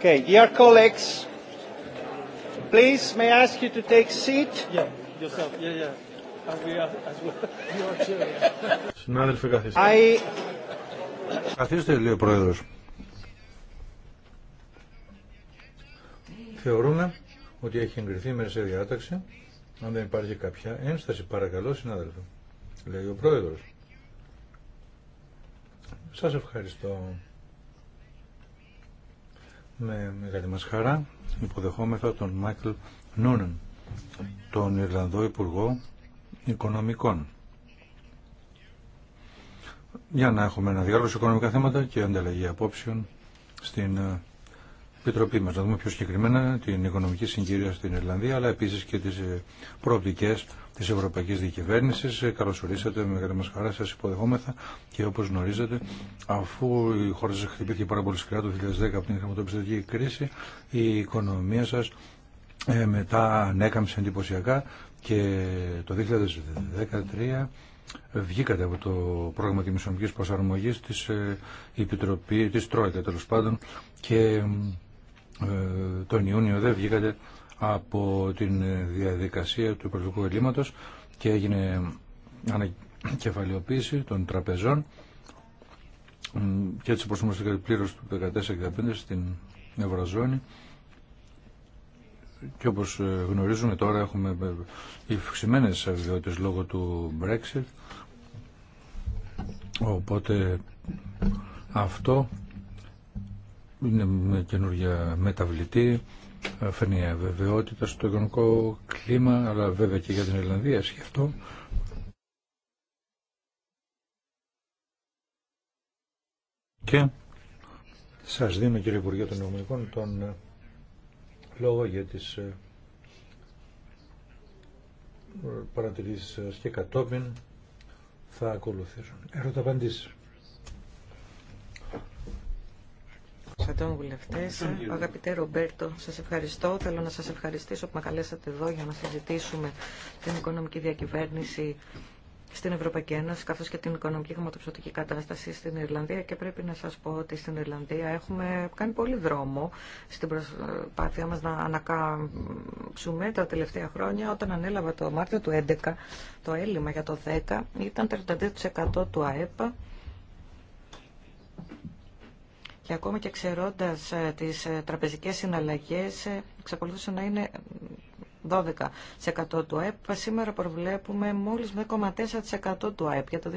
Okay, dear colleagues, please may I ask you to take seat? Yeah, yourself. Yeah, yeah. And we are as well. You are too. Yeah. Συνάδελφε, καθίστε. I... Καθίστε, λέει ο Πρόεδρος. Θεωρούμε ότι έχει εγκριθεί μέσα σε διάταξη. Αν δεν υπάρχει κάποια ένσταση, παρακαλώ, συναδέλφο, Λέει ο Πρόεδρος. Σας ευχαριστώ με μεγάλη μας χαρά υποδεχόμεθα τον Μάικλ Νούνεν, τον Ιρλανδό Υπουργό Οικονομικών. Για να έχουμε ένα διάλογο σε οικονομικά θέματα και ανταλλαγή απόψεων στην ε, Επιτροπή μας. Να δούμε πιο συγκεκριμένα την οικονομική συγκυρία στην Ιρλανδία, αλλά επίσης και τις ε, προοπτικές τη Ευρωπαϊκή Διακυβέρνηση. Καλώ ορίσατε, με μεγάλη μα χαρά σα υποδεχόμεθα και όπω γνωρίζετε, αφού η χώρα σα χτυπήθηκε πάρα πολύ σκληρά το 2010 από την χρηματοπιστωτική κρίση, η οικονομία σα ε, μετά ανέκαμψε εντυπωσιακά και το 2013 βγήκατε από το πρόγραμμα τη προσαρμογής της ε, Επιτροπή, της Τρόικα τέλος πάντων και ε, τον Ιούνιο δεν βγήκατε από τη διαδικασία του υπερβολικού ελλείμματος και έγινε ανακεφαλαιοποίηση των τραπεζών και έτσι προσθέμαστε πλήρως του 14 15 στην Ευρωζώνη και όπως ε, γνωρίζουμε τώρα έχουμε ε, υφηξημένε αβιότητες λόγω του Brexit οπότε αυτό είναι με καινούργια μεταβλητή φανεία αβέβαιότητα στο οικονομικό κλίμα, αλλά βέβαια και για την Ιρλανδία αυτό. Και σας δίνω κύριε Υπουργέ των Ευρωπαϊκών τον ε, λόγο για τις ε, παρατηρήσεις σας και κατόπιν θα ακολουθήσουν. Ερώτα Αντών Βουλευτέ. Αγαπητέ Ρομπέρτο, σας ευχαριστώ. Θέλω να σα ευχαριστήσω που με καλέσατε εδώ για να συζητήσουμε την οικονομική διακυβέρνηση στην Ευρωπαϊκή Ένωση καθώ και την οικονομική χρηματοπιστωτική κατάσταση στην Ιρλανδία και πρέπει να σα πω ότι στην Ιρλανδία έχουμε κάνει πολύ δρόμο στην προσπάθειά μα να ανακάμψουμε τα τελευταία χρόνια όταν ανέλαβα το Μάρτιο του 2011 το έλλειμμα για το 10 ήταν 32% του ΑΕΠΑ και ακόμα και ξερώντας ε, τις ε, τραπεζικές συναλλαγές ε, εξακολουθούσαν να είναι 12% του ΑΕΠ. Σήμερα προβλέπουμε μόλις 0,4% του ΑΕΠ για το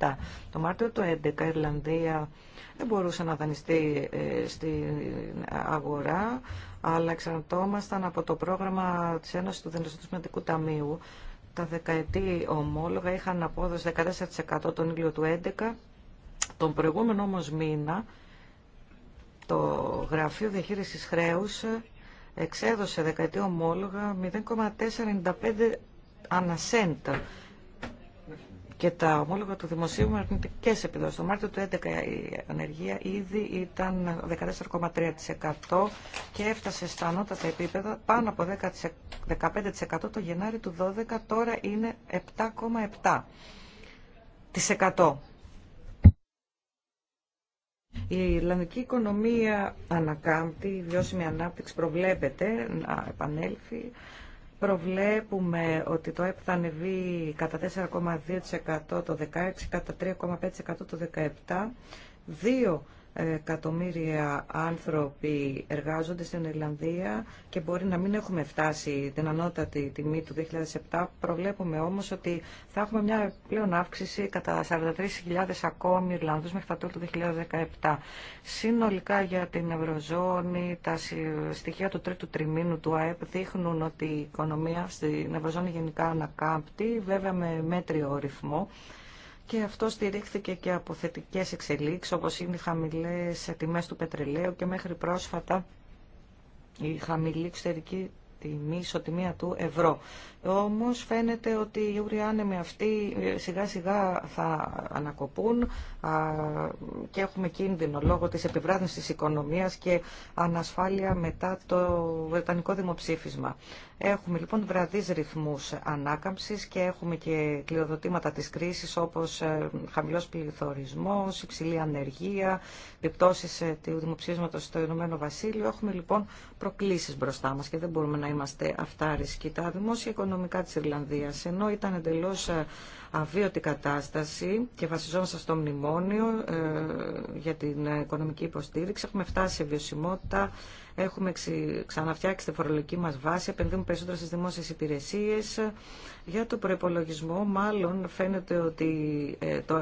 2017. Το Μάρτιο του 2011 η Ιρλανδία δεν μπορούσε να δανειστεί στην αγορά, αλλά εξαρτώμασταν από το πρόγραμμα της Ένωση του Δενεστικού Ταμείου. Τα δεκαετή ομόλογα είχαν απόδοση 14% τον Ήλιο του 2011. Τον προηγούμενο όμω μήνα το Γραφείο Διαχείρισης Χρέους εξέδωσε δεκαετή ομόλογα 0,495 ανασέντα και τα ομόλογα του δημοσίου με αρνητικέ επιδόσει. Το Μάρτιο του 2011 η ανεργία ήδη ήταν 14,3% και έφτασε στα ανώτατα επίπεδα πάνω από 15% το Γενάρη του 2012, τώρα είναι 7,7%. Η Ιρλανδική οικονομία ανακάμπτει, η βιώσιμη ανάπτυξη προβλέπεται να επανέλθει. Προβλέπουμε ότι το ΕΠ θα ανεβεί κατά 4,2% το 16, κατά 3,5% το 17, Δύο εκατομμύρια άνθρωποι εργάζονται στην Ιρλανδία και μπορεί να μην έχουμε φτάσει την ανώτατη τιμή του 2007. Προβλέπουμε όμως ότι θα έχουμε μια πλέον αύξηση κατά 43.000 ακόμη Ιρλανδούς μέχρι τα τέλη του 2017. Συνολικά για την Ευρωζώνη, τα στοιχεία του τρίτου τριμήνου του ΑΕΠ δείχνουν ότι η οικονομία στην Ευρωζώνη γενικά ανακάμπτει, βέβαια με μέτριο ρυθμό και αυτό στηρίχθηκε και από θετικέ εξελίξεις όπως είναι οι χαμηλέ τιμέ του πετρελαίου και μέχρι πρόσφατα η χαμηλή εξωτερική τιμή, ισοτιμία του ευρώ. Όμω φαίνεται ότι οι ουροί άνεμοι αυτοί σιγά σιγά θα ανακοπούν και έχουμε κίνδυνο λόγω τη επιβράδυνση τη οικονομίας και ανασφάλεια μετά το Βρετανικό δημοψήφισμα. Έχουμε λοιπόν βραδεί ρυθμού ανάκαμψη και έχουμε και κλειοδοτήματα τη κρίση, όπω ε, χαμηλό πληθωρισμό, υψηλή ανεργία, επιπτώσει ε, του δημοψήφισματος στο Ηνωμένο Βασίλειο. Έχουμε λοιπόν προκλήσει μπροστά μα και δεν μπορούμε να είμαστε αυτάρισκοι. Τα δημόσια οικονομικά της Ιρλανδίας, ενώ ήταν εντελώς ε, αβίωτη κατάσταση και βασιζόμαστε στο μνημόνιο ε, για την οικονομική υποστήριξη, έχουμε φτάσει σε βιωσιμότητα, έχουμε ξαναφτιάξει τη φορολογική μας βάση, επενδύουμε περισσότερο στις δημόσιες υπηρεσίες. Για το προπολογισμό, μάλλον φαίνεται ότι ε, το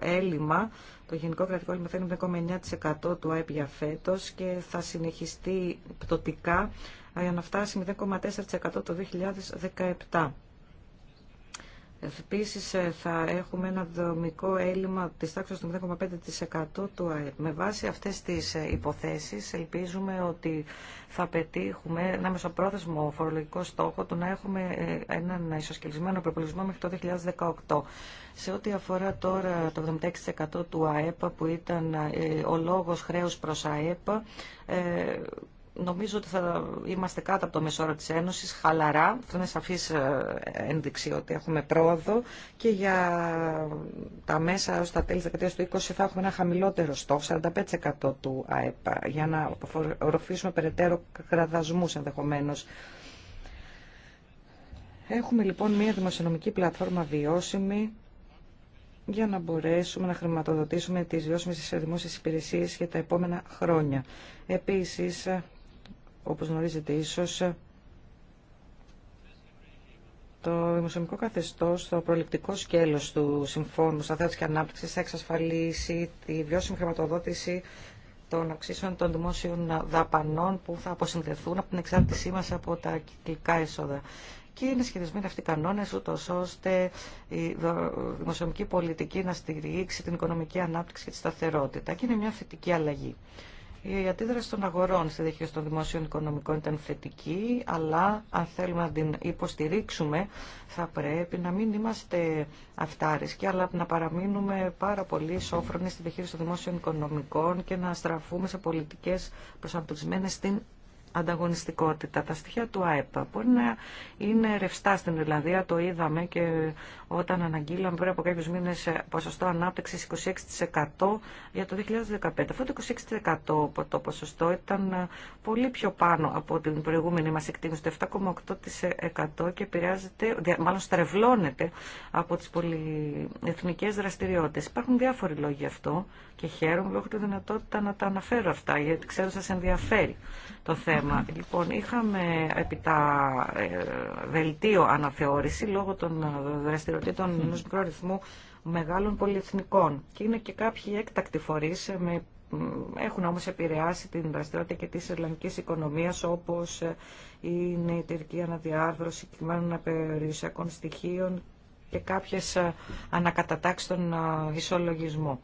έλλειμμα το Γενικό Κρατικό Έλλειμμα θα είναι του ΑΕΠ για φέτος και θα συνεχιστεί πτωτικά για να φτάσει 0,4% το 2017. Επίση ε, θα έχουμε ένα δομικό έλλειμμα της τάξης του 0,5% του ΑΕΠ. Με βάση αυτές τις ε, υποθέσεις ελπίζουμε ότι θα πετύχουμε ένα μεσοπρόθεσμο φορολογικό στόχο του να έχουμε ε, έναν ισοσκελισμένο προπολογισμό μέχρι το 2018. Σε ό,τι αφορά τώρα το 76% του ΑΕΠ που ήταν ο λόγος χρέους προς ΑΕΠ, νομίζω ότι θα είμαστε κάτω από το μεσόρο της Ένωσης, χαλαρά. Αυτό είναι σαφής ε, ένδειξη ότι έχουμε πρόοδο και για τα μέσα έως τα τέλη δεκαετίας του 20 θα έχουμε ένα χαμηλότερο στόχο, 45% του ΑΕΠΑ, για να οροφήσουμε περαιτέρω κραδασμούς ενδεχομένως. Έχουμε λοιπόν μια δημοσιονομική πλατφόρμα βιώσιμη, για να μπορέσουμε να χρηματοδοτήσουμε τις βιώσιμες δημόσιες υπηρεσίες για τα επόμενα χρόνια. Επίσης, όπως γνωρίζετε ίσως, το δημοσιονομικό καθεστώς, το προληπτικό σκέλος του Συμφώνου Σταθέτησης και ανάπτυξη, θα εξασφαλίσει τη βιώσιμη χρηματοδότηση των αξίσεων των δημόσιων δαπανών που θα αποσυνδεθούν από την εξάρτησή μας από τα κυκλικά έσοδα. Και είναι σχεδιασμένοι αυτοί οι κανόνε, ούτω ώστε η δημοσιονομική πολιτική να στηρίξει την οικονομική ανάπτυξη και τη σταθερότητα. Και είναι μια θετική αλλαγή. Η αντίδραση των αγορών στη διαχείριση των δημόσιων οικονομικών ήταν θετική, αλλά αν θέλουμε να την υποστηρίξουμε θα πρέπει να μην είμαστε αυτάρισκοι, αλλά να παραμείνουμε πάρα πολύ σόφρονοι στη διαχείριση των δημόσιων οικονομικών και να στραφούμε σε πολιτικές προσανατολισμένες στην ανταγωνιστικότητα. Τα στοιχεία του ΑΕΠ μπορεί να είναι ρευστά στην Ιρλανδία, το είδαμε και όταν αναγγείλαμε πριν από κάποιου μήνε ποσοστό ανάπτυξη 26% για το 2015. Αυτό το 26% το ποσοστό ήταν πολύ πιο πάνω από την προηγούμενη μα εκτίμηση, το 7,8% και επηρεάζεται, μάλλον στρεβλώνεται από τι πολυεθνικέ δραστηριότητε. Υπάρχουν διάφοροι λόγοι γι' αυτό και χαίρομαι που έχω τη δυνατότητα να τα αναφέρω αυτά, γιατί ξέρω σα ενδιαφέρει το θέμα. Λοιπόν, είχαμε επίτα ε, δελτίο αναθεώρηση λόγω των δραστηριοτήτων ενό μικρού μεγάλων πολυεθνικών. Και είναι και κάποιοι έκτακτοι φορεί ε, με έχουν όμως επηρεάσει την δραστηριότητα και της ελληνικής οικονομίας όπως ε, είναι η τερκή αναδιάρθρωση κειμένων περιουσιακών στοιχείων και κάποιες ανακατατάξεις των ισολογισμών.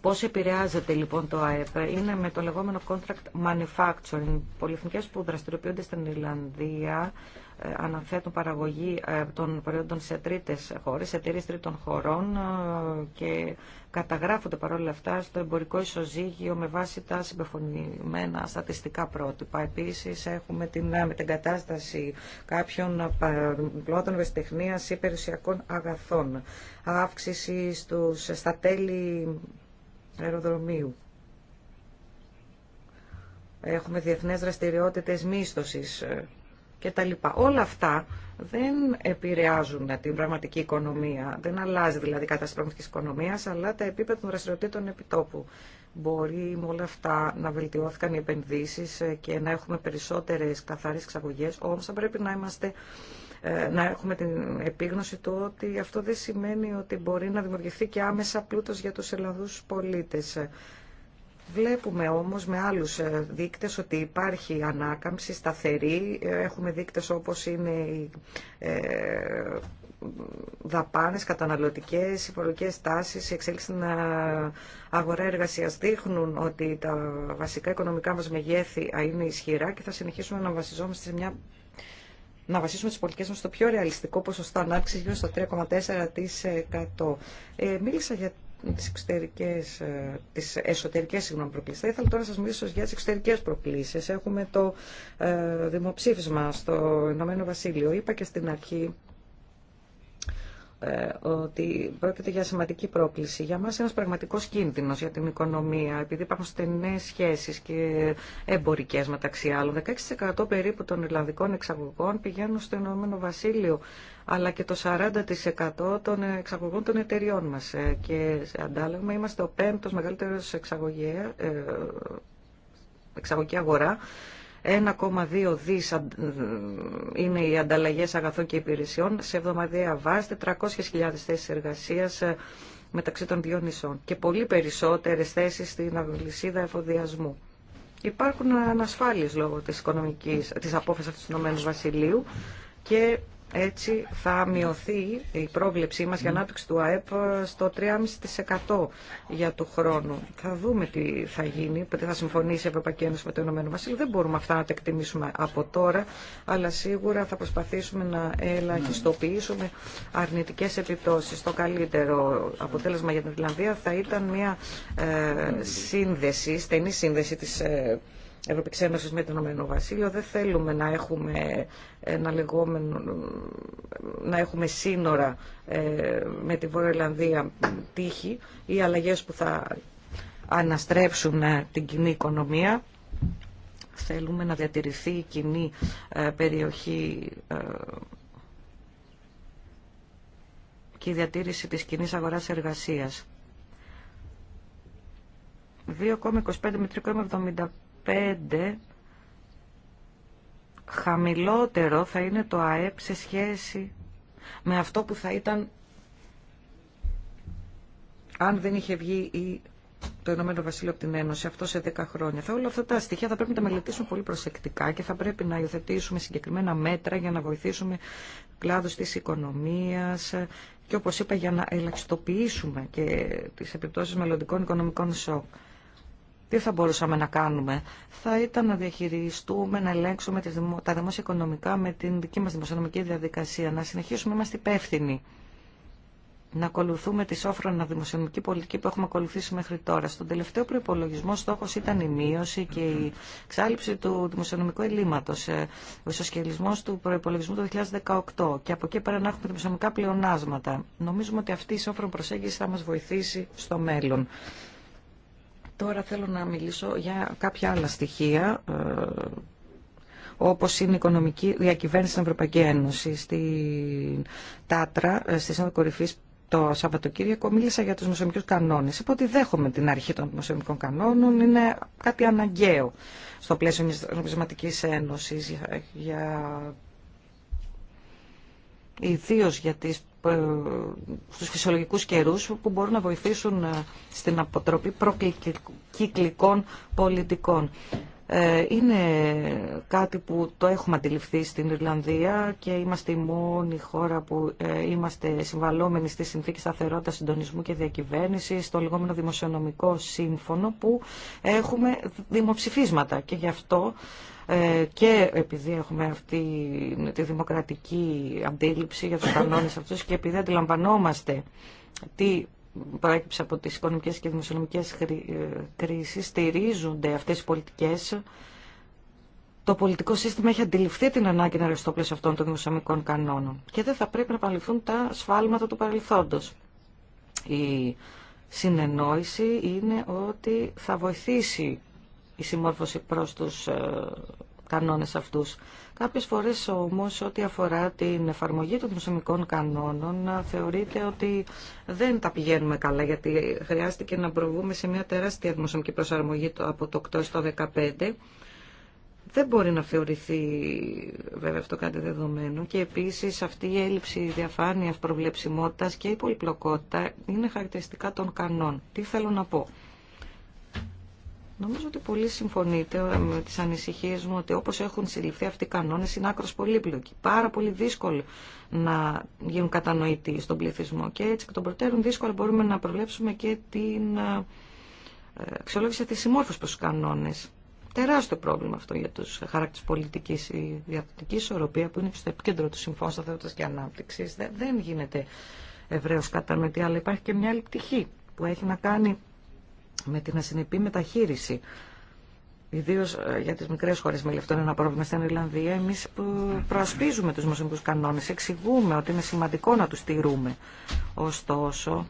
Πώς επηρεάζεται λοιπόν το ΑΕΠ είναι με το λεγόμενο contract manufacturing. Πολυεθνικές που δραστηριοποιούνται στην Ιρλανδία ε, αναθέτουν παραγωγή ε, των προϊόντων σε τρίτες χώρες, σε εταιρείε τρίτων χωρών ε, και καταγράφονται παρόλα αυτά στο εμπορικό ισοζύγιο με βάση τα συμπεφωνημένα στατιστικά πρότυπα. Επίσης έχουμε την μετεγκατάσταση κάποιων πλώτων βεστιχνίας ή περιουσιακών αγαθών, αύξηση στα τέλη αεροδρομίου. Έχουμε διεθνές δραστηριότητες μίσθωσης ε, και τα λοιπά. Όλα αυτά δεν επηρεάζουν την πραγματική οικονομία. Δεν αλλάζει δηλαδή η κατάσταση πραγματικής οικονομίας, αλλά τα επίπεδα των δραστηριοτήτων επιτόπου. Μπορεί με όλα αυτά να βελτιώθηκαν οι επενδύσεις ε, και να έχουμε περισσότερες καθαρές εξαγωγές, όμως θα πρέπει να είμαστε ε, να έχουμε την επίγνωση του ότι αυτό δεν σημαίνει ότι μπορεί να δημιουργηθεί και άμεσα πλούτος για τους Ελλανδούς πολίτες. Βλέπουμε όμως με άλλους ε, δείκτες ότι υπάρχει ανάκαμψη σταθερή. Ε, έχουμε δείκτες όπως είναι οι δαπάνες καταναλωτικές, οι φορολογικές τάσεις, η εξέλιξη στην αγορά εργασίας δείχνουν ότι τα βασικά οικονομικά μας μεγέθη είναι ισχυρά και θα συνεχίσουμε να βασιζόμαστε σε μια να βασίσουμε τις πολιτικέ μα στο πιο ρεαλιστικό ποσοστό ανάπτυξης γύρω στο 3,4%. Ε, μίλησα για τις, εξωτερικές, ε, τις εσωτερικές συγγνώμη, προκλήσεις. Θα ήθελα τώρα να σας μιλήσω για τις εξωτερικές προκλήσεις. Έχουμε το ε, δημοψήφισμα στο Ηνωμένο Βασίλειο. Είπα και στην αρχή ε, ότι πρόκειται για σημαντική πρόκληση. Για μας ένας πραγματικός κίνδυνος για την οικονομία, επειδή υπάρχουν στενές σχέσεις και εμπορικές μεταξύ άλλων. 16% περίπου των Ιρλανδικών εξαγωγών πηγαίνουν στο Ηνωμένο Βασίλειο, αλλά και το 40% των εξαγωγών των εταιριών μας. Ε, και σε αντάλλαγμα είμαστε ο πέμπτος μεγαλύτερος εξαγωγή ε, αγορά 1,2 δις ε, είναι οι ανταλλαγές αγαθών και υπηρεσιών σε εβδομαδιαία βάση, 400.000 θέσεις εργασίας ε, μεταξύ των δύο νησών και πολύ περισσότερες θέσεις στην αυλισίδα εφοδιασμού. Υπάρχουν ανασφάλειες λόγω της, οικονομικής, της απόφασης του Ηνωμένου Βασιλείου και έτσι θα μειωθεί η πρόβλεψή μας για ανάπτυξη του ΑΕΠ στο 3,5% για του χρόνου. Θα δούμε τι θα γίνει, θα συμφωνήσει η Ευρωπαϊκή Ένωση με το Ηνωμένο Βασίλειο. Δεν μπορούμε αυτά να τα εκτιμήσουμε από τώρα, αλλά σίγουρα θα προσπαθήσουμε να ελαχιστοποιήσουμε αρνητικές επιπτώσεις. Το καλύτερο αποτέλεσμα για την Ιρλανδία θα ήταν μια ε, σύνδεση, στενή σύνδεση της ε, Ευρωπαϊκής Ένωσης με το Ηνωμένο Βασίλειο. Δεν θέλουμε να έχουμε, ένα λεγόμενο, να έχουμε σύνορα ε, με τη Βόρεια Ιρλανδία τύχη ή αλλαγές που θα αναστρέψουν ε, την κοινή οικονομία. Θέλουμε να διατηρηθεί η κοινή ε, περιοχή και η διατήρηση της κοινή αγοράς εργασίας. 2,25 με 3,75 χαμηλότερο θα είναι το ΑΕΠ σε σχέση με αυτό που θα ήταν αν δεν είχε βγει η, το Ηνωμένο Βασίλειο από την Ένωση, αυτό σε 10 χρόνια. Θα όλα αυτά τα στοιχεία θα πρέπει να τα μελετήσουμε πολύ προσεκτικά και θα πρέπει να υιοθετήσουμε συγκεκριμένα μέτρα για να βοηθήσουμε κλάδους της οικονομίας και όπως είπα για να ελαχιστοποιήσουμε και τις επιπτώσεις μελλοντικών οικονομικών σοκ τι θα μπορούσαμε να κάνουμε. Θα ήταν να διαχειριστούμε, να ελέγξουμε τα δημόσια οικονομικά με την δική μας δημοσιονομική διαδικασία, να συνεχίσουμε να είμαστε υπεύθυνοι. Να ακολουθούμε τη σόφρονα δημοσιονομική πολιτική που έχουμε ακολουθήσει μέχρι τώρα. Στον τελευταίο προπολογισμό στόχο ήταν η μείωση και η εξάλληψη του δημοσιονομικού ελλείμματο, ε, ο ισοσχελισμό του προπολογισμού του 2018 και από εκεί πέρα να έχουμε δημοσιονομικά πλεονάσματα. Νομίζουμε ότι αυτή η σόφρονα προσέγγιση θα μα βοηθήσει στο μέλλον. Τώρα θέλω να μιλήσω για κάποια άλλα στοιχεία, ε, όπως είναι η οικονομική διακυβέρνηση στην Ευρωπαϊκή Ένωση. Στην Τάτρα, ε, στη Σύνοδο Κορυφής, το Σαββατοκύριακο μίλησα για τους νοσομικούς κανόνες. Είπα ότι δέχομαι την αρχή των νοσομικών κανόνων, είναι κάτι αναγκαίο στο πλαίσιο της νομισματικής ένωσης για... για τις ε, στους φυσιολογικούς καιρούς που μπορούν να βοηθήσουν ε, στην αποτροπή προκυκλικών πολιτικών. Ε, είναι κάτι που το έχουμε αντιληφθεί στην Ιρλανδία και είμαστε η μόνη χώρα που είμαστε συμβαλόμενοι στη Συνθήκη σταθερότητα Συντονισμού και Διακυβέρνηση, στο λεγόμενο Δημοσιονομικό Σύμφωνο που έχουμε δημοψηφίσματα και γι' αυτό ε, και επειδή έχουμε αυτή τη δημοκρατική αντίληψη για τους κανόνες αυτούς και επειδή αντιλαμβανόμαστε τι προέκυψε από τις οικονομικές και δημοσιονομικές ε, κρίσεις, στηρίζονται αυτές οι πολιτικές. Το πολιτικό σύστημα έχει αντιληφθεί την ανάγκη να ρευστό πλαίσιο αυτών των δημοσιονομικών κανόνων και δεν θα πρέπει να επαναληφθούν τα σφάλματα του παρελθόντος. Η συνεννόηση είναι ότι θα βοηθήσει η συμμόρφωση προς τους ε, κανόνες αυτούς. Κάποιες φορές όμως ό,τι αφορά την εφαρμογή των δημοσιομικών κανόνων θεωρείται ότι δεν τα πηγαίνουμε καλά γιατί χρειάστηκε να προβούμε σε μια τεράστια δημοσιομική προσαρμογή από το 8 στο 15 δεν μπορεί να θεωρηθεί βέβαια αυτό κάτι δεδομένο και επίσης αυτή η έλλειψη διαφάνειας προβλεψιμότητας και η πολυπλοκότητα είναι χαρακτηριστικά των κανόν. Τι θέλω να πω. Νομίζω ότι πολύ συμφωνείτε με τις ανησυχίες μου ότι όπως έχουν συλληφθεί αυτοί οι κανόνες είναι άκρος πολύπλοκοι. Πάρα πολύ δύσκολο να γίνουν κατανοητοί στον πληθυσμό και έτσι και των προτέρων δύσκολα μπορούμε να προβλέψουμε και την ε, αξιολόγηση της συμμόρφωσης προς τους κανόνες. Τεράστιο πρόβλημα αυτό για τους χαράκτες πολιτικής. Η διαθετική ισορροπία που είναι στο επίκεντρο του Συμφώνου Σταθερότητας και Ανάπτυξης δεν γίνεται ευρέως κατανοητή, αλλά υπάρχει και μια άλλη πτυχή που έχει να κάνει με την ασυνεπή μεταχείριση. Ιδίω ε, για τι μικρέ χώρε με λεφτό είναι ένα πρόβλημα στην Ιρλανδία. Εμεί προασπίζουμε του δημοσιονομικού κανόνε, εξηγούμε ότι είναι σημαντικό να του στηρούμε. Ωστόσο,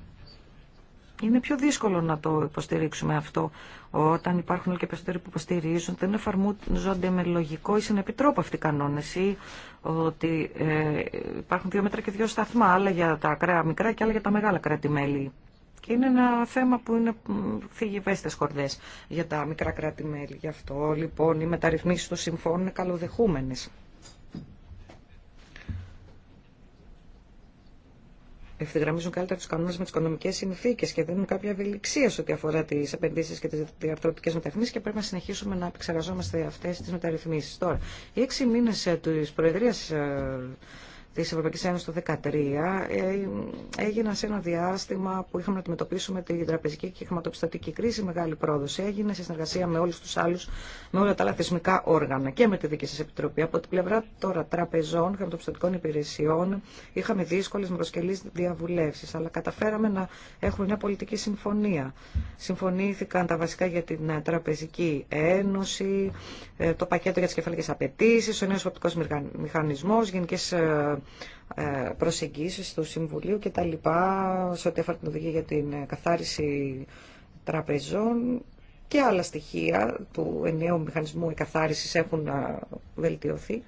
είναι πιο δύσκολο να το υποστηρίξουμε αυτό όταν υπάρχουν και περισσότεροι που υποστηρίζουν δεν εφαρμόζονται με λογικό ή συνεπή τρόπο αυτοί οι κανόνε ή ότι ε, υπάρχουν δύο μέτρα και δύο σταθμά, άλλα για τα μικρά και άλλα για τα μεγάλα κράτη-μέλη. Και είναι ένα θέμα που είναι φύγει βέστες χορδές για τα μικρά κράτη-μέλη. Γι' αυτό λοιπόν οι μεταρρυθμίσεις των συμφώνων είναι καλοδεχούμενες. ευθυγραμμίζουν καλύτερα του κανόνε με τι οικονομικέ συνθήκε και δίνουν κάποια ευελιξία σε ό,τι αφορά τι επενδύσει και τι διαρθρωτικέ μεταρρυθμίσει και πρέπει να συνεχίσουμε να επεξεργαζόμαστε αυτέ τι μεταρρυθμίσει. Τώρα, οι έξι μήνε ε, τη Προεδρία ε, της Ευρωπαϊκής Ένωσης το 2013 ε, έγιναν σε ένα διάστημα που είχαμε να αντιμετωπίσουμε την τραπεζική και χρηματοπιστωτική κρίση. Μεγάλη πρόοδος έγινε σε συνεργασία με όλους τους άλλους, με όλα τα άλλα θεσμικά όργανα και με τη δική σας επιτροπή. Από την πλευρά τώρα τραπεζών, χρηματοπιστωτικών υπηρεσιών είχαμε δύσκολες μικροσκελείς διαβουλεύσεις, αλλά καταφέραμε να έχουμε μια πολιτική συμφωνία. Συμφωνήθηκαν τα βασικά για την Τραπεζική Ένωση, ε, το πακέτο για τις κεφαλικές απαιτήσεις, ο νέος οπτικός μηχανισμός, γενικές ε, ε, προσεγγίσεις του Συμβουλίου και τα λοιπά σε ό,τι αφορά την οδηγία για την καθάριση τραπεζών και άλλα στοιχεία του ενιαίου μηχανισμού εκαθάρισης έχουν ε, βελτιωθεί.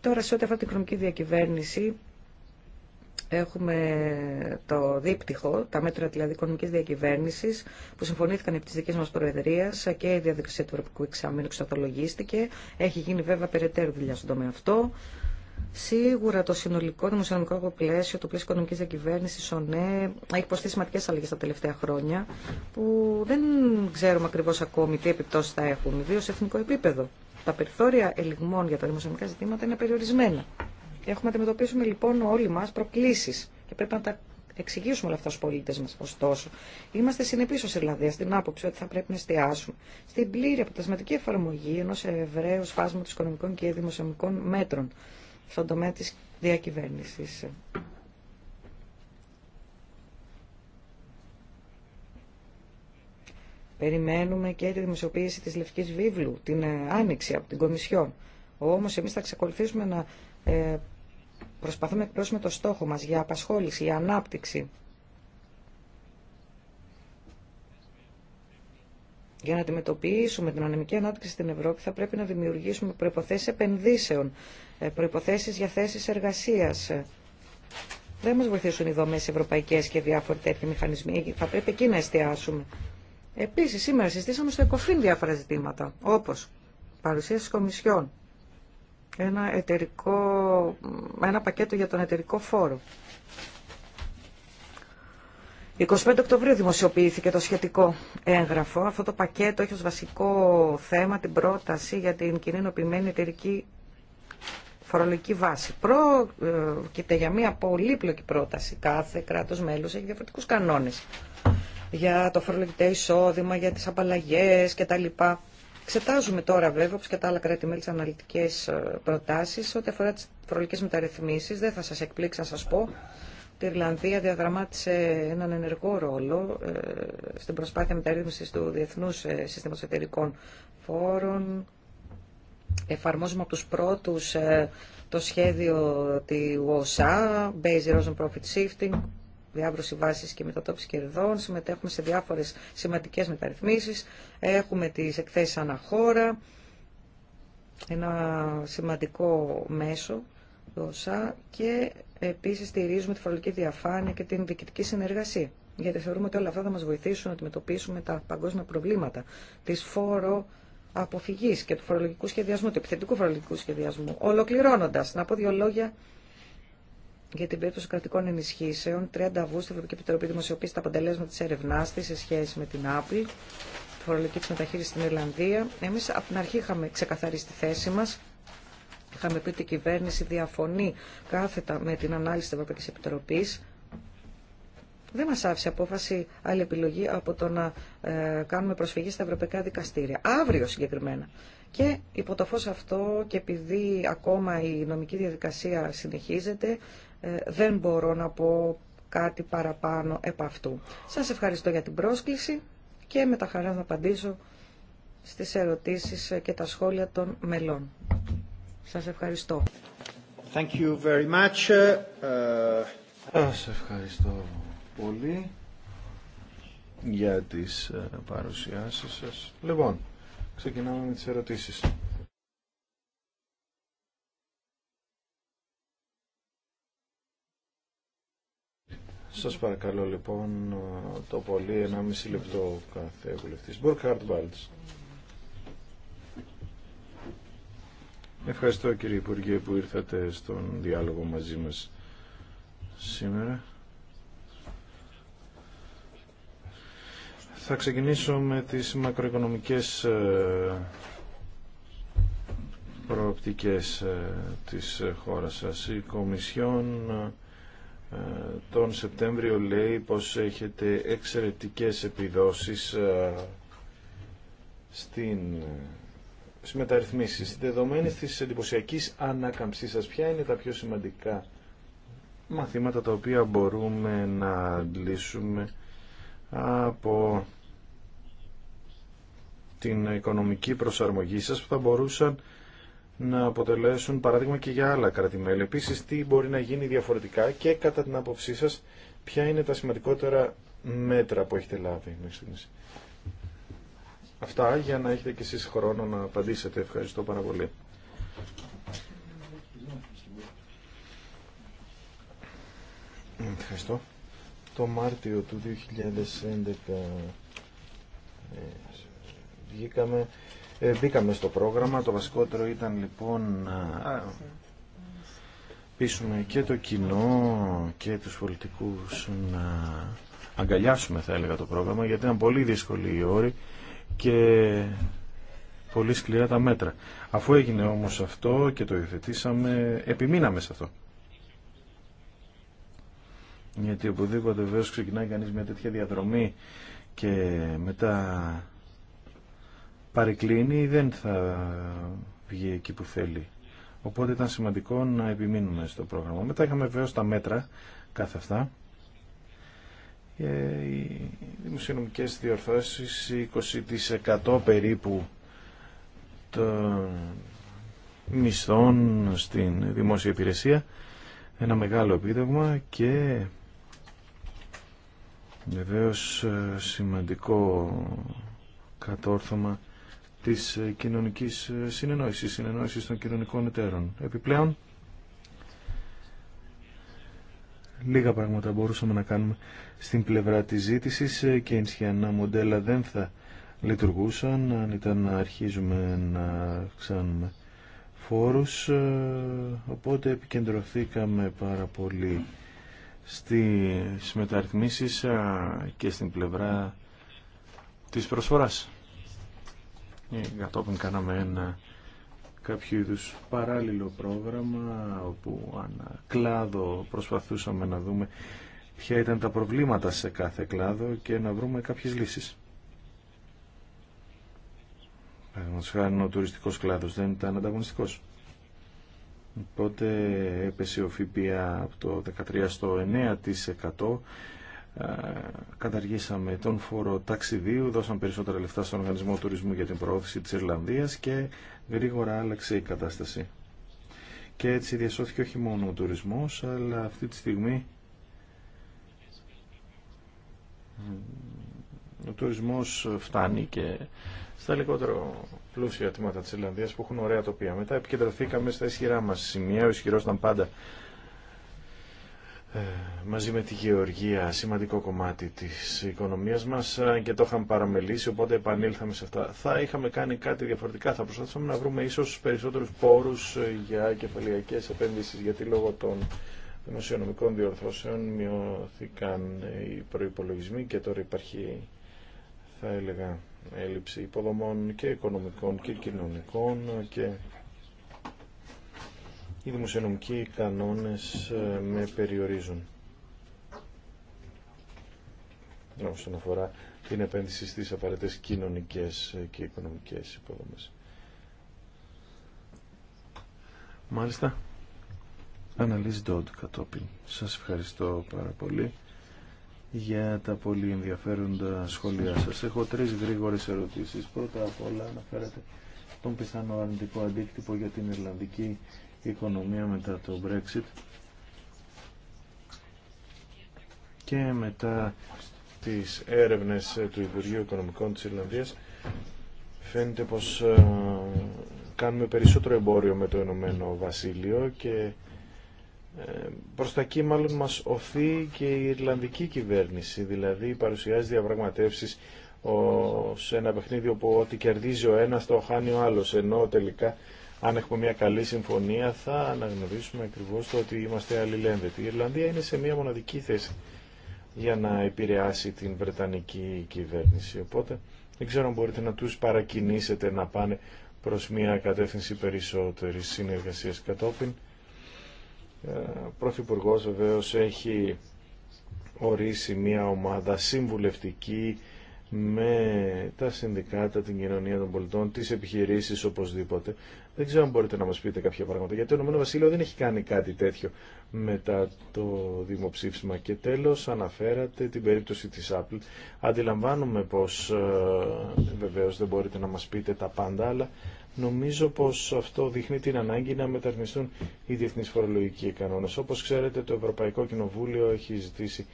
Τώρα σε ό,τι αφορά την οικονομική διακυβέρνηση έχουμε το δίπτυχο, τα μέτρα δηλαδή οικονομικής διακυβέρνησης που συμφωνήθηκαν επί της δικής μας προεδρίας και η διαδικασία του Ευρωπαϊκού Εξάμεινου εξαθολογίστηκε. Έχει γίνει βέβαια περαιτέρω δουλειά στον τομέα αυτό. Σίγουρα το συνολικό δημοσιονομικό πλαίσιο, το πλαίσιο οικονομική διακυβέρνηση, ο ΝΕ, έχει υποστεί σημαντικέ αλλαγέ τα τελευταία χρόνια, που δεν ξέρουμε ακριβώ ακόμη τι επιπτώσει θα έχουν, ιδίω σε εθνικό επίπεδο. Τα περιθώρια ελιγμών για τα δημοσιονομικά ζητήματα είναι περιορισμένα. Έχουμε να αντιμετωπίσουμε λοιπόν όλοι μα προκλήσει και πρέπει να τα εξηγήσουμε όλα αυτά στου πολίτε μα. Ωστόσο, είμαστε συνεπεί ω στην άποψη ότι θα πρέπει να εστιάσουμε στην πλήρη αποτελεσματική εφαρμογή ενό ευρέω φάσματο οικονομικών και δημοσιονομικών μέτρων στον τομέα της διακυβέρνησης. Περιμένουμε και τη δημοσιοποίηση της Λευκής Βίβλου, την ε, άνοιξη από την Κομισιόν. Όμως εμείς θα ξεκολουθήσουμε να ε, προσπαθούμε να εκπλώσουμε το στόχο μας για απασχόληση, για ανάπτυξη Για να αντιμετωπίσουμε την ανεμική ανάπτυξη στην Ευρώπη θα πρέπει να δημιουργήσουμε προϋποθέσεις επενδύσεων, ε, προϋποθέσεις για θέσεις εργασίας. Ε, δεν μας βοηθήσουν οι δομές ευρωπαϊκές και διάφοροι τέτοιοι μηχανισμοί. Ε, θα πρέπει εκεί να εστιάσουμε. Επίσης, σήμερα συζητήσαμε στο ΕΚΟΦΗΝ διάφορα ζητήματα, όπως παρουσίαση κομισιών, ένα, ένα πακέτο για τον εταιρικό φόρο. 25 Οκτωβρίου δημοσιοποιήθηκε το σχετικό έγγραφο. Αυτό το πακέτο έχει ως βασικό θέμα την πρόταση για την κοινή νοποιημένη εταιρική φορολογική βάση. Πρόκειται ε, για μια πολύπλοκη πρόταση. Κάθε κράτος μέλος έχει διαφορετικούς κανόνες για το φορολογικό εισόδημα, για τις απαλλαγές κτλ. Ξετάζουμε τώρα βέβαια, όπως και τα άλλα κράτη-μέλη, τις αναλυτικές ε, προτάσεις. Ό,τι αφορά τις φορολογικές μεταρρυθμίσεις, δεν θα σας εκπλήξω να σας πω η Ιρλανδία διαδραμάτισε έναν ενεργό ρόλο ε, στην προσπάθεια μεταρρύθμιση του Διεθνούς ε, Συστήματος Εταιρικών Φόρων. Εφαρμόζουμε από τους πρώτους ε, το σχέδιο τη ΟΣΑ, Base Erosion Profit Shifting, διάβρωση βάση και μετατόπιση κερδών. Συμμετέχουμε σε διάφορε σημαντικέ μεταρρυθμίσει. Έχουμε τι εκθέσει αναχώρα. Ένα σημαντικό μέσο και επίση στηρίζουμε τη φορολογική διαφάνεια και την διοικητική συνεργασία. Γιατί θεωρούμε ότι όλα αυτά θα μα βοηθήσουν να αντιμετωπίσουμε τα παγκόσμια προβλήματα τη φόρο αποφυγή και του φορολογικού σχεδιασμού, του επιθετικού φορολογικού σχεδιασμού. ολοκληρώνοντα να πω δύο λόγια για την περίπτωση κρατικών ενισχύσεων. 30 Αυγούστου η Ευρωπαϊκή Επιτροπή δημοσιοποίησε τα αποτελέσματα τη έρευνά τη σε σχέση με την Apple, τη φορολογική τη μεταχείριση στην Ιρλανδία. Εμεί από την αρχή είχαμε ξεκαθαρίσει τη θέση μα. Είχαμε πει ότι η κυβέρνηση διαφωνεί κάθετα με την ανάλυση της Ευρωπαϊκής Επιτροπής. Δεν μας άφησε απόφαση άλλη επιλογή από το να ε, κάνουμε προσφυγή στα ευρωπαϊκά δικαστήρια. Αύριο συγκεκριμένα. Και υπό το φως αυτό και επειδή ακόμα η νομική διαδικασία συνεχίζεται, ε, δεν μπορώ να πω κάτι παραπάνω επ' αυτού. Σας ευχαριστώ για την πρόσκληση και με τα χαρά να απαντήσω στις ερωτήσεις και τα σχόλια των μελών. Σας ευχαριστώ. Thank you very much. Ε, ε, σας ευχαριστώ πολύ για τις ε, παρουσιάσεις σας. Λοιπόν, ξεκινάμε με τις ερωτήσεις. Σας παρακαλώ λοιπόν το πολύ μισή λεπτό κάθε βουλευτής. Μπορκάρτ Χαρτμπάλτς. Ευχαριστώ κύριε Υπουργέ που ήρθατε στον διάλογο μαζί μας σήμερα. Θα ξεκινήσω με τις μακροοικονομικές ε, προοπτικές ε, της χώρας σας. Η Κομισιόν ε, τον Σεπτέμβριο λέει πως έχετε εξαιρετικές επιδόσεις στην τις μεταρρυθμίσεις. Δεδομένης της εντυπωσιακής ανάκαμψής σας, ποια είναι τα πιο σημαντικά μαθήματα τα οποία μπορούμε να αντλήσουμε από την οικονομική προσαρμογή σας που θα μπορούσαν να αποτελέσουν παράδειγμα και για άλλα κρατημέλη. Επίση, τι μπορεί να γίνει διαφορετικά και κατά την άποψή σας, ποια είναι τα σημαντικότερα μέτρα που έχετε λάβει μέχρι στιγμής. Αυτά για να έχετε και εσείς χρόνο να απαντήσετε. Ευχαριστώ πάρα πολύ. Ευχαριστώ. Το Μάρτιο του 2011 ε, βγήκαμε, ε, μπήκαμε στο πρόγραμμα. Το βασικότερο ήταν λοιπόν να πείσουμε και το κοινό και τους πολιτικούς να αγκαλιάσουμε θα έλεγα το πρόγραμμα γιατί ήταν πολύ δύσκολη η όρη και πολύ σκληρά τα μέτρα. Αφού έγινε όμως αυτό και το υιοθετήσαμε, επιμείναμε σε αυτό. Γιατί οπουδήποτε βέβαια ξεκινάει κανείς μια τέτοια διαδρομή και μετά παρεκκλίνει δεν θα βγει εκεί που θέλει. Οπότε ήταν σημαντικό να επιμείνουμε στο πρόγραμμα. Μετά είχαμε βέβαια τα μέτρα κάθε αυτά οι δημοσιονομικές διορθώσεις 20% περίπου των μισθών στην δημόσια υπηρεσία ένα μεγάλο επίδευμα και βεβαίω ε, σημαντικό κατόρθωμα της ε, κοινωνικής ε, συνεννόησης, συνεννόησης των κοινωνικών εταίρων. Επιπλέον, Λίγα πράγματα μπορούσαμε να κάνουμε στην πλευρά της ζήτησης ε, και ενσχυανά μοντέλα δεν θα λειτουργούσαν αν ήταν να αρχίζουμε να αυξάνουμε φόρους ε, οπότε επικεντρωθήκαμε πάρα πολύ στις μεταρρυθμίσεις και στην πλευρά της προσφοράς. Ε, κατόπιν κάναμε ένα κάποιο είδους παράλληλο πρόγραμμα όπου ανά κλάδο προσπαθούσαμε να δούμε ποια ήταν τα προβλήματα σε κάθε κλάδο και να βρούμε κάποιες λύσεις. Παραδείγματος χάρη ο τουριστικός κλάδος δεν ήταν ανταγωνιστικός. Οπότε έπεσε ο ΦΠΑ από το 13% στο 9% ε, καταργήσαμε τον φόρο ταξιδίου, δώσαμε περισσότερα λεφτά στον Οργανισμό Τουρισμού για την προώθηση της Ιρλανδίας και γρήγορα άλλαξε η κατάσταση. Και έτσι διασώθηκε όχι μόνο ο τουρισμός, αλλά αυτή τη στιγμή ο τουρισμός φτάνει και στα λιγότερο πλούσια τμήματα της Ιρλανδίας που έχουν ωραία τοπία. Μετά επικεντρωθήκαμε στα ισχυρά μας σημεία, ο ισχυρός ήταν πάντα ε, μαζί με τη γεωργία σημαντικό κομμάτι της οικονομίας μας ε, και το είχαμε παραμελήσει οπότε επανήλθαμε σε αυτά. Θα είχαμε κάνει κάτι διαφορετικά, θα προσπάθησαμε να βρούμε ίσως περισσότερους πόρους ε, για κεφαλιακές επένδυσεις γιατί λόγω των δημοσιονομικών διορθώσεων μειώθηκαν οι προϋπολογισμοί και τώρα υπάρχει θα έλεγα έλλειψη υποδομών και οικονομικών και κοινωνικών και οι δημοσιονομικοί κανόνες ε, με περιορίζουν. Όσον αφορά την επένδυση στις απαραίτητες κοινωνικές ε, και οικονομικές υποδομές. Μάλιστα. Αναλύζει Ντόντ κατόπιν. Σας ευχαριστώ πάρα πολύ για τα πολύ ενδιαφέροντα σχόλια σας. Έχω τρεις γρήγορες ερωτήσεις. Πρώτα απ' όλα αναφέρατε τον πιθανό αρνητικό αντίκτυπο για την Ιρλανδική οικονομία μετά το Brexit και μετά τις έρευνες του Υπουργείου Οικονομικών της Ιρλανδίας φαίνεται πως ε, κάνουμε περισσότερο εμπόριο με το Ενωμένο Βασίλειο και ε, προς τα εκεί μάλλον μας οθεί και η Ιρλανδική κυβέρνηση δηλαδή παρουσιάζει διαπραγματεύσεις σε ένα παιχνίδι όπου ό,τι κερδίζει ο ένας το χάνει ο άλλος ενώ τελικά αν έχουμε μια καλή συμφωνία θα αναγνωρίσουμε ακριβώς το ότι είμαστε αλληλένδετοι. Η Ιρλανδία είναι σε μια μοναδική θέση για να επηρεάσει την Βρετανική κυβέρνηση. Οπότε δεν ξέρω αν μπορείτε να τους παρακινήσετε να πάνε προς μια κατεύθυνση περισσότερη συνεργασίας κατόπιν. Ε, ο Πρωθυπουργός βεβαίως έχει ορίσει μια ομάδα συμβουλευτική με τα συνδικάτα, την κοινωνία των πολιτών, τι επιχειρήσει οπωσδήποτε. Δεν ξέρω αν μπορείτε να μα πείτε κάποια πράγματα, γιατί το Ηνωμένο Βασίλειο δεν έχει κάνει κάτι τέτοιο μετά το δημοψήφισμα. Και τέλο αναφέρατε την περίπτωση τη Apple. Αντιλαμβάνομαι πω βεβαίω βεβαίως δεν μπορείτε να μα πείτε τα πάντα, αλλά νομίζω πω αυτό δείχνει την ανάγκη να μεταρρυθμιστούν οι διεθνεί φορολογικοί κανόνες. Όπω ξέρετε το Ευρωπαϊκό Κοινοβούλιο έχει ζητήσει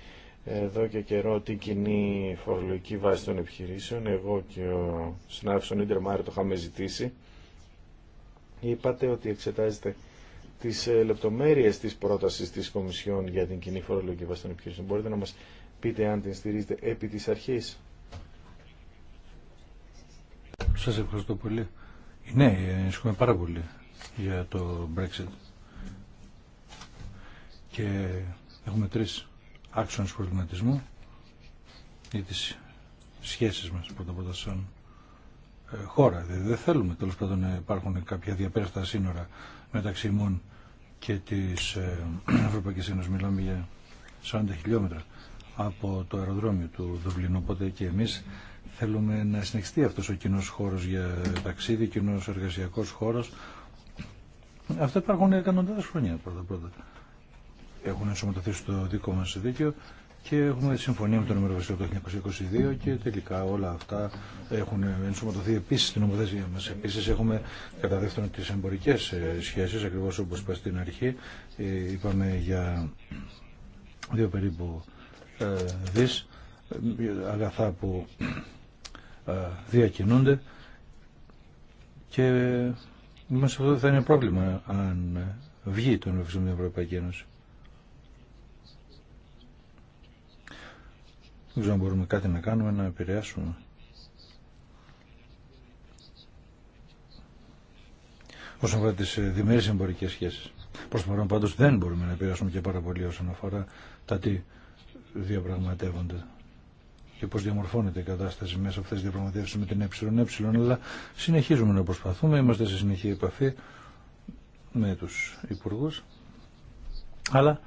εδώ και καιρό την κοινή φορολογική βάση των επιχειρήσεων. Εγώ και ο συνάδελφος ο Νίτερ Μάρη το είχαμε ζητήσει. Είπατε ότι εξετάζετε τις ε, λεπτομέρειες της πρότασης της Κομισιόν για την κοινή φορολογική βάση των επιχειρήσεων. Μπορείτε να μας πείτε αν την στηρίζετε επί της αρχής. Σας ευχαριστώ πολύ. Ναι, ενισχύουμε πάρα πολύ για το Brexit. Και έχουμε τρεις άξονες προβληματισμού για τις σχέσεις μας πρώτα πρώτα σαν ε, χώρα. Δεν θέλουμε τέλο πάντων να υπάρχουν κάποια διαπέραστα σύνορα μεταξύ ημών και της ε, Ευρωπαϊκή Ένωσης. Μιλάμε για 40 χιλιόμετρα από το αεροδρόμιο του Δουβλίνου. Οπότε και εμείς θέλουμε να συνεχιστεί αυτός ο κοινό χώρος για ταξίδι, κοινό εργασιακό χώρος. Αυτά υπάρχουν εκατοντάδες χρόνια πρώτα πρώτα έχουν ενσωματωθεί στο δικό μας δίκαιο και έχουμε συμφωνία με το νούμερο Βασίλειο το 1922 και τελικά όλα αυτά έχουν ενσωματωθεί επίση στην νομοθεσία μα. Επίση έχουμε κατά δεύτερον τι εμπορικέ ε, σχέσει, ακριβώ όπω είπα στην αρχή. Ε, είπαμε για δύο περίπου ε, δι αγαθά που διακινούνται και είμαστε αυτό θα είναι πρόβλημα αν βγει το νομοθεσμό Ευρωπαϊκή Ένωση. Δεν ξέρω αν μπορούμε κάτι να κάνουμε να επηρεάσουμε. Όσον αφορά τι ε, διμερεί εμπορικέ σχέσει. Προ το παρόν πάντω δεν μπορούμε να επηρεάσουμε και πάρα πολύ όσον αφορά τα τι διαπραγματεύονται και πώ διαμορφώνεται η κατάσταση μέσα από αυτέ τι διαπραγματεύσει με την ΕΕ. Αλλά συνεχίζουμε να προσπαθούμε, είμαστε σε συνεχή επαφή με του υπουργού. Αλλά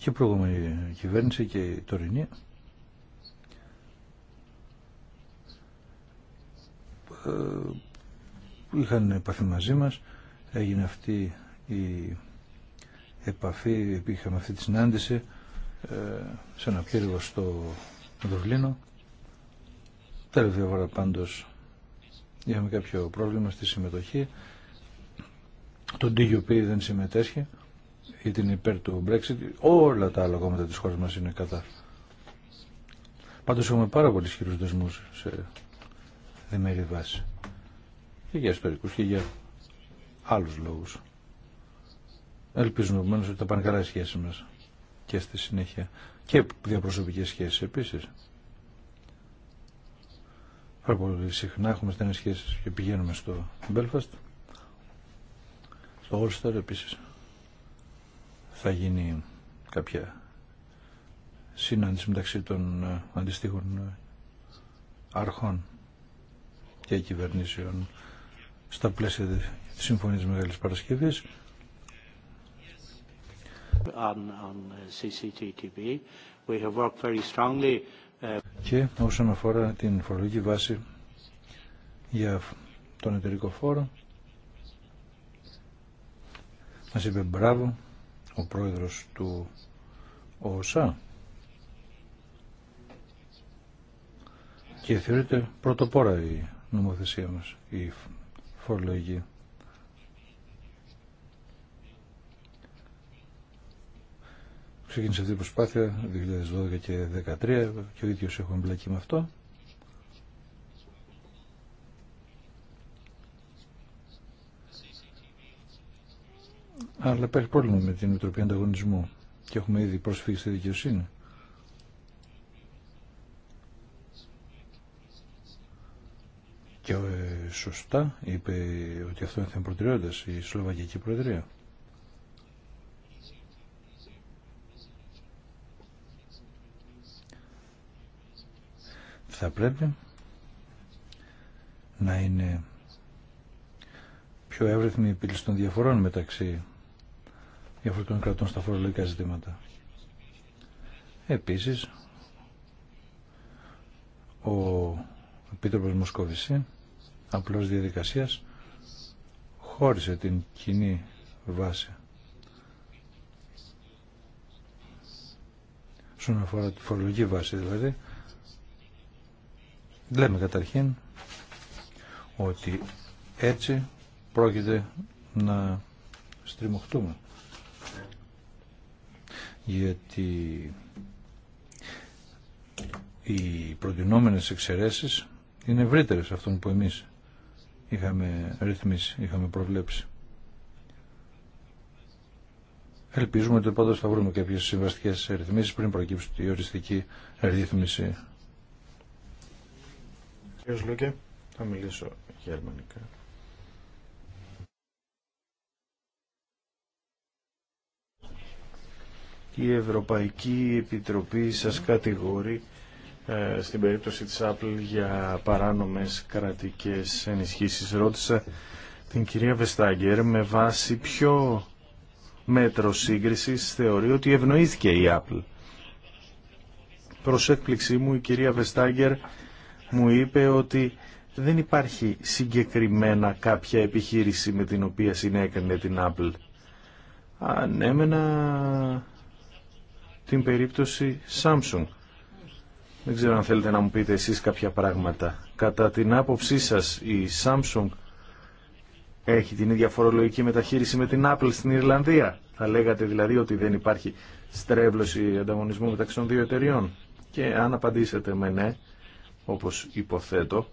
και προηγούμενη κυβέρνηση και η τωρινή ε, είχαν επαφή μαζί μας έγινε αυτή η επαφή είχαμε αυτή τη συνάντηση ε, σε ένα πύργο στο Δουβλίνο τελευταία φορά πάντως είχαμε κάποιο πρόβλημα στη συμμετοχή το DUP δεν συμμετέσχει ή την υπέρ του Brexit, όλα τα άλλα κόμματα της χώρας μας είναι κατά. Πάντως έχουμε πάρα πολλοί χειρούς δεσμούς σε διμερή βάση. Και για ιστορικούς και για άλλους λόγους. Ελπίζουμε επομένως ότι θα πάνε καλά οι σχέσεις μας και στη συνέχεια. Και διαπροσωπικές σχέσεις επίσης. Πάρα πολύ συχνά έχουμε στενές σχέσεις και πηγαίνουμε στο Belfast, στο Ulster επίσης θα γίνει κάποια συνάντηση μεταξύ των ε, αντιστοίχων ε, αρχών και κυβερνήσεων στα πλαίσια της Συμφωνίας Μεγάλης Παρασκευής. Και όσον αφορά την φορολογική βάση για τον εταιρικό φόρο, μας είπε μπράβο ο πρόεδρος του ΟΣΑ και θεωρείται πρωτοπόρα η νομοθεσία μας, η φορολογία. Ξεκίνησε αυτή η προσπάθεια 2012 και 2013 και ο ίδιος έχω εμπλακεί με αυτό. Αλλά υπάρχει πρόβλημα με την Επιτροπή Ανταγωνισμού και έχουμε ήδη προσφύγει στη δικαιοσύνη. Και ε, σωστά είπε ότι αυτό είναι θέμα προτεραιότητα η Σλοβακική Προεδρία. Θα πρέπει να είναι πιο εύρεθμη η επίλυση των διαφορών μεταξύ διαφορετικών κρατών στα φορολογικά ζητήματα. Επίσης, ο Επίτροπος Μοσκόβηση, απλώς διαδικασίας, χώρισε την κοινή βάση. Στον αφορά τη φορολογική βάση δηλαδή, λέμε καταρχήν ότι έτσι πρόκειται να στριμωχτούμε γιατί οι προτινόμενες εξαιρέσεις είναι ευρύτερε αυτών που εμείς είχαμε ρυθμίσει, είχαμε προβλέψει. Ελπίζουμε ότι πάντως θα βρούμε κάποιες συμβαστικές ρυθμίσεις πριν προκύψει η οριστική ρύθμιση. Κύριος Λούκε, θα μιλήσω γερμανικά. η Ευρωπαϊκή Επιτροπή σας κατηγορεί ε, στην περίπτωση της Apple για παράνομες κρατικές ενισχύσεις. Ρώτησα την κυρία Βεστάγκερ με βάση ποιο μέτρο σύγκρισης θεωρεί ότι ευνοήθηκε η Apple. Προς έκπληξή μου η κυρία Βεστάγκερ μου είπε ότι δεν υπάρχει συγκεκριμένα κάποια επιχείρηση με την οποία συνέκανε την Apple. Αν την περίπτωση Samsung. Δεν ξέρω αν θέλετε να μου πείτε εσείς κάποια πράγματα. Κατά την άποψή σας η Samsung έχει την ίδια φορολογική μεταχείριση με την Apple στην Ιρλανδία. Θα λέγατε δηλαδή ότι δεν υπάρχει στρέβλωση ανταγωνισμού μεταξύ των δύο εταιριών. Και αν απαντήσετε με ναι, όπως υποθέτω,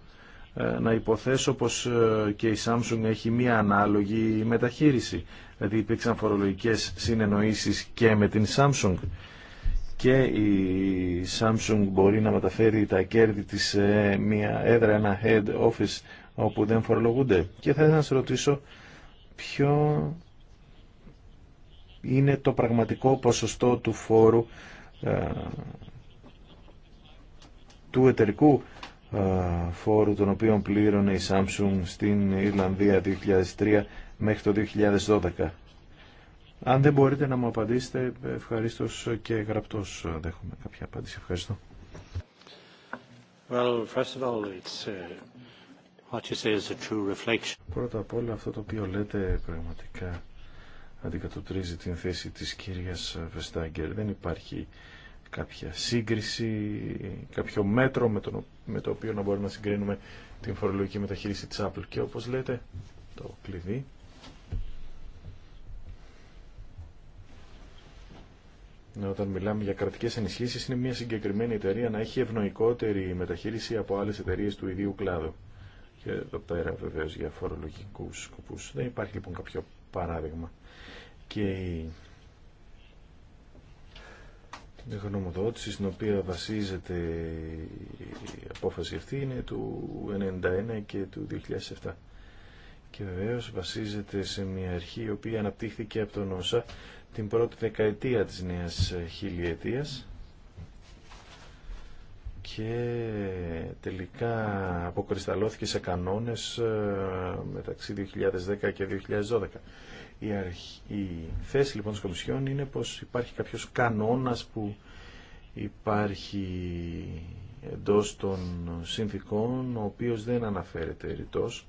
ε, να υποθέσω πως ε, και η Samsung έχει μία ανάλογη μεταχείριση. Δηλαδή υπήρξαν φορολογικές συνεννοήσεις και με την Samsung και η Samsung μπορεί να μεταφέρει τα κέρδη της σε μια έδρα, ένα head office όπου δεν φορολογούνται. Και θα ήθελα να σας ρωτήσω ποιο είναι το πραγματικό ποσοστό του φόρου ε, του εταιρικού ε, φόρου τον οποίο πλήρωνε η Samsung στην Ιρλανδία 2003 μέχρι το 2012. Αν δεν μπορείτε να μου απαντήσετε, ευχαριστώ και γραπτός δέχομαι κάποια απάντηση. Ευχαριστώ. Well, first of all, it's, uh, what you say is a true reflection. Πρώτα απ' όλα αυτό το οποίο λέτε πραγματικά αντικατοπτρίζει την θέση της κυρίας Βεστάγκερ. Δεν υπάρχει κάποια σύγκριση, κάποιο μέτρο με, τον, με το οποίο να μπορούμε να συγκρίνουμε την φορολογική μεταχείριση της Apple. Και όπως λέτε, το κλειδί Ναι, όταν μιλάμε για κρατικές ενισχύσεις είναι μια συγκεκριμένη εταιρεία να έχει ευνοϊκότερη μεταχείριση από άλλες εταιρείες του ιδίου κλάδου. Και εδώ πέρα βεβαίως για φορολογικούς σκοπούς. Δεν υπάρχει λοιπόν κάποιο παράδειγμα. Και η γνωμοδότηση στην οποία βασίζεται η απόφαση αυτή είναι του 1991 και του 2007 και βεβαίω βασίζεται σε μια αρχή η οποία αναπτύχθηκε από τον ΩΣΑ την πρώτη δεκαετία της νέας χιλιετίας και τελικά αποκρισταλώθηκε σε κανόνες ε, μεταξύ 2010 και 2012. Η, θέση λοιπόν της Κομισιόν είναι πως υπάρχει κάποιος κανόνας που υπάρχει εντός των συνθήκων ο οποίος δεν αναφέρεται ρητός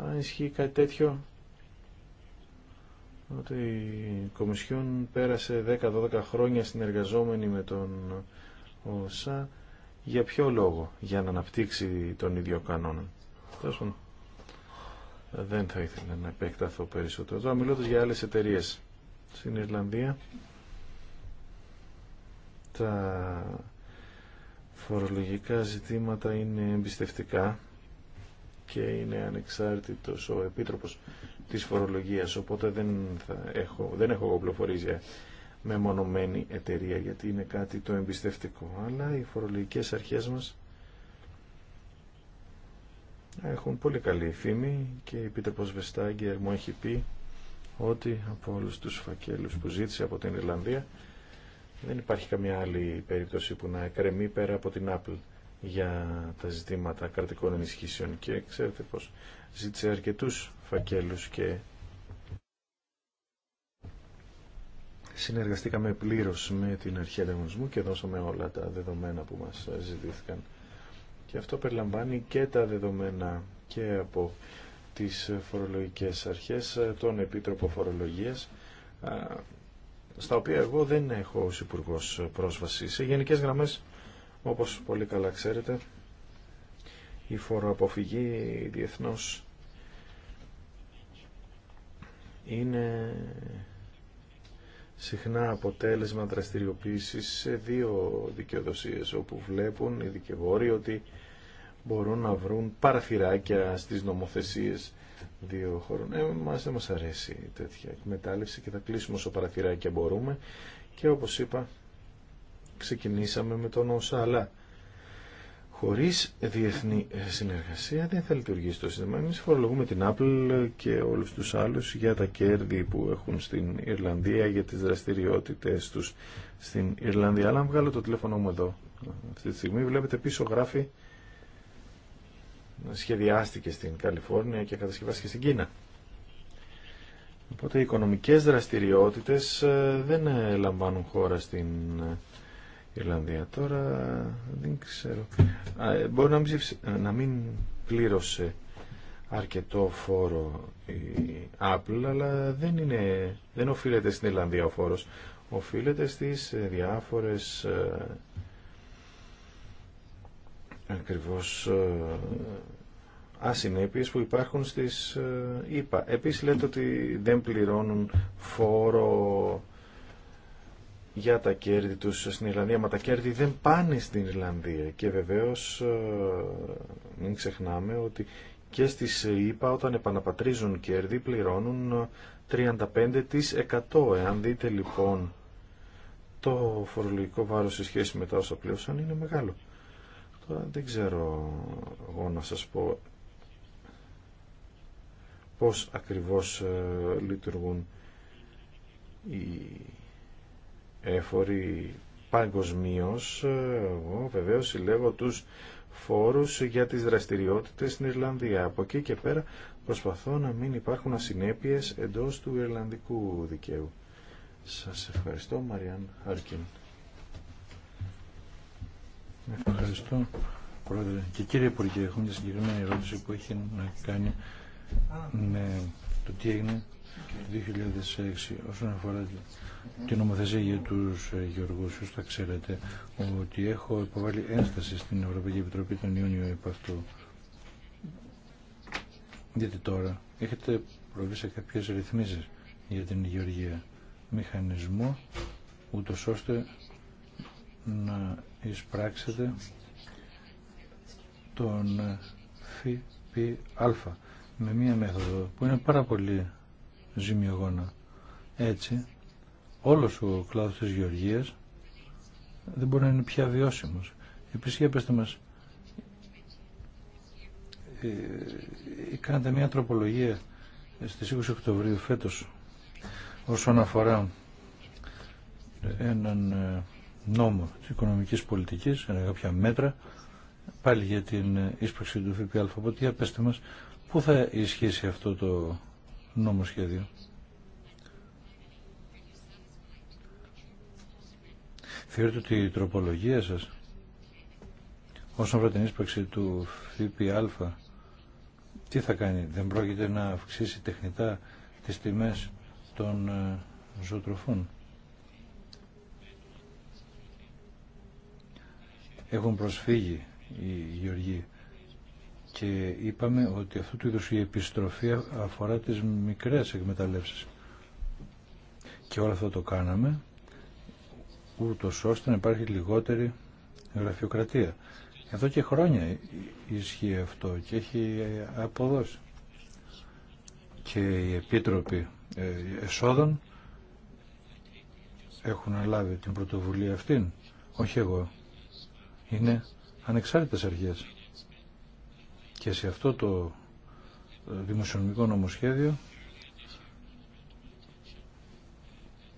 αν ισχύει κάτι τέτοιο, ότι η Κομισιόν πέρασε 10-12 χρόνια συνεργαζόμενη με τον ΩΣΑ, για ποιο λόγο, για να αναπτύξει τον ίδιο κανόνα. Δεν θα ήθελα να επεκταθώ περισσότερο. Τώρα μιλώντας για άλλες εταιρείε στην Ιρλανδία, τα φορολογικά ζητήματα είναι εμπιστευτικά και είναι ανεξάρτητος ο Επίτροπος της Φορολογίας, οπότε δεν, έχω, δεν έχω με μονομένη εταιρεία γιατί είναι κάτι το εμπιστευτικό. Αλλά οι φορολογικές αρχές μας έχουν πολύ καλή φήμη και η Επίτροπος Βεστάγκερ μου έχει πει ότι από όλους τους φακέλους που ζήτησε από την Ιρλανδία δεν υπάρχει καμιά άλλη περίπτωση που να εκρεμεί πέρα από την Apple για τα ζητήματα κρατικών ενισχύσεων και ξέρετε πως ζήτησε αρκετούς φακέλους και συνεργαστήκαμε πλήρως με την αρχή ανταγωνισμού και δώσαμε όλα τα δεδομένα που μας ζητήθηκαν. Και αυτό περιλαμβάνει και τα δεδομένα και από τις φορολογικές αρχές, τον Επίτροπο Φορολογίας, στα οποία εγώ δεν έχω ως υπουργό πρόσβαση. Σε γενικές γραμμές όπως πολύ καλά ξέρετε, η φοροαποφυγή διεθνώς είναι συχνά αποτέλεσμα δραστηριοποίησης σε δύο δικαιοδοσίες όπου βλέπουν οι δικαιοβόροι ότι μπορούν να βρουν παραθυράκια στις νομοθεσίες δύο χωρών. Ε, μας δεν μας αρέσει τέτοια εκμετάλλευση και θα κλείσουμε όσο παραθυράκια μπορούμε και όπως είπα ξεκινήσαμε με τον ΩΣΑ, αλλά χωρίς διεθνή συνεργασία δεν θα λειτουργήσει το σύστημα. Εμείς φορολογούμε την Apple και όλους τους άλλους για τα κέρδη που έχουν στην Ιρλανδία, για τις δραστηριότητες τους στην Ιρλανδία. Αλλά αν βγάλω το τηλέφωνο μου εδώ αυτή τη στιγμή, βλέπετε πίσω γράφει σχεδιάστηκε στην Καλιφόρνια και κατασκευάστηκε στην Κίνα. Οπότε οι οικονομικές δραστηριότητες ε, δεν ε, λαμβάνουν χώρα στην ε, Ιρλανδία. Τώρα δεν ξέρω. Ε, μπορεί να μην, ε, να μην πλήρωσε αρκετό φόρο η Apple, αλλά δεν, είναι, δεν οφείλεται στην Ιρλανδία ο φόρος. Οφείλεται στις ε, διάφορες ακριβώς ασυνέπειες που υπάρχουν στις ΙΠΑ. Επίσης λέτε ότι δεν πληρώνουν φόρο για τα κέρδη τους στην Ιρλανδία, μα τα κέρδη δεν πάνε στην Ιρλανδία και βεβαίως ε, μην ξεχνάμε ότι και στις ΗΠΑ όταν επαναπατρίζουν κέρδη πληρώνουν 35% ε, εάν δείτε λοιπόν το φορολογικό βάρος σε σχέση με τα όσα πλήρωσαν είναι μεγάλο. Τώρα δεν ξέρω εγώ να σας πω πώς ακριβώς ε, λειτουργούν οι έφοροι παγκοσμίω, ε, εγώ βεβαίως συλλέγω τους φόρους για τις δραστηριότητες στην Ιρλανδία. Από εκεί και πέρα προσπαθώ να μην υπάρχουν ασυνέπειες εντό του Ιρλανδικού δικαίου. Σα ευχαριστώ Μαριάν Χαρκίν. Ευχαριστώ Πρόεδρε. Και κύριε Υπουργέ, Έχουμε μια συγκεκριμένη ερώτηση που έχει να κάνει με το τι έγινε 2006 όσον αφορά την νομοθεσία για τους ε, γεωργούς όσο θα ξέρετε ότι έχω υποβάλει ένσταση στην Ευρωπαϊκή Επιτροπή τον Ιούνιο επ' αυτού γιατί τώρα έχετε προβεί σε κάποιες ρυθμίσεις για την γεωργία μηχανισμό ούτω ώστε να εισπράξετε τον ε, ΦΠΑ με μία μέθοδο που είναι πάρα πολύ ζημιογόνα. Έτσι, όλος ο κλάδος της γεωργίας δεν μπορεί να είναι πια βιώσιμος. Επίσης, για πέστε μας, ε, ε, κάνατε μια τροπολογία στις 20 Οκτωβρίου φέτος όσον αφορά έναν ε, νόμο της οικονομικής πολιτικής, κάποια μέτρα, πάλι για την ίσπραξη του ΦΠΑ. Οπότε, για πέστε μας, πού θα ισχύσει αυτό το νομοσχέδιο. Θεωρείτε ότι η τροπολογία σας όσον αφορά την ίσπραξη του ΦΠΑ τι θα κάνει, δεν πρόκειται να αυξήσει τεχνητά τις τιμές των ε, ζωοτροφών. Έχουν προσφύγει οι γεωργοί και είπαμε ότι αυτού του είδους η επιστροφή αφορά τις μικρές εκμεταλλεύσεις. Και όλο αυτό το κάναμε ούτω ώστε να υπάρχει λιγότερη γραφειοκρατία. Εδώ και χρόνια ισχύει αυτό και έχει αποδώσει. Και οι επίτροποι ε, εσόδων έχουν λάβει την πρωτοβουλία αυτήν. Όχι εγώ. Είναι ανεξάρτητες αρχές. Και σε αυτό το ε, δημοσιονομικό νομοσχέδιο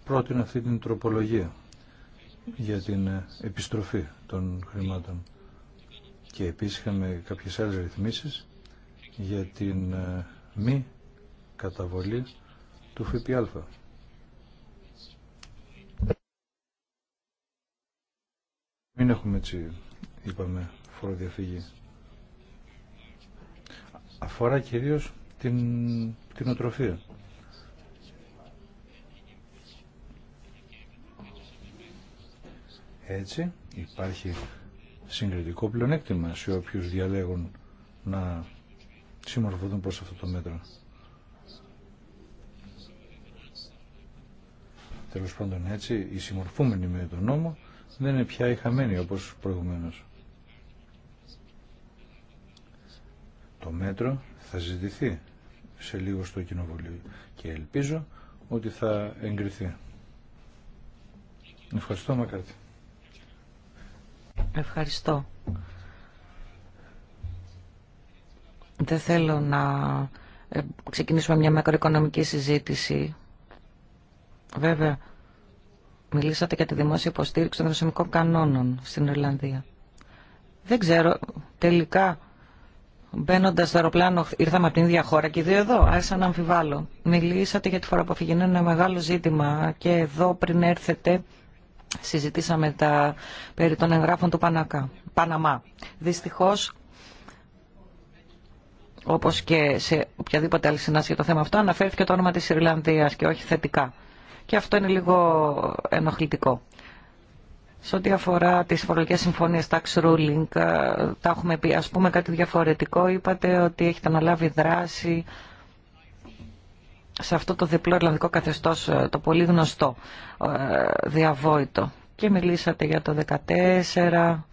πρότεινε αυτή την τροπολογία για την ε, επιστροφή των χρημάτων και επίσης είχαμε κάποιες άλλες ρυθμίσεις για την ε, μη καταβολή του ΦΠΑ. Μην έχουμε έτσι, είπαμε, φοροδιαφύγη αφορά κυρίως την κτηνοτροφία. Έτσι υπάρχει συγκριτικό πλεονέκτημα σε όποιους διαλέγουν να συμμορφωθούν προς αυτό το μέτρο. Τέλος πάντων έτσι, οι συμμορφούμενοι με τον νόμο δεν είναι πια οι χαμένοι όπως προηγουμένως. Το μέτρο θα ζητηθεί σε λίγο στο Κοινοβουλίο και ελπίζω ότι θα εγκριθεί. Ευχαριστώ Μακάρτη. Ευχαριστώ. Δεν θέλω να ε, ξεκινήσουμε μια μακροοικονομική συζήτηση. Βέβαια, μιλήσατε για τη δημόσια υποστήριξη των δοσομικών κανόνων στην Ιρλανδία. Δεν ξέρω τελικά Μπαίνοντα στο αεροπλάνο, ήρθαμε από την ίδια χώρα και οι δύο εδώ. Άρχισα να αμφιβάλλω. Μιλήσατε για τη φορά που Είναι ένα μεγάλο ζήτημα και εδώ πριν έρθετε συζητήσαμε τα περί των εγγράφων του Πανακά, Παναμά. Δυστυχώ, όπως και σε οποιαδήποτε άλλη συνάντηση για το θέμα αυτό, αναφέρθηκε το όνομα της Ιρλανδίας και όχι θετικά. Και αυτό είναι λίγο ενοχλητικό. Σε ό,τι αφορά τις φορολογικές συμφωνίες tax ruling, ε, τα έχουμε πει, ας πούμε κάτι διαφορετικό, είπατε ότι έχετε αναλάβει δράση σε αυτό το διπλό ελλανδικό καθεστώς, ε, το πολύ γνωστό, ε, διαβόητο. Και μιλήσατε για το 2014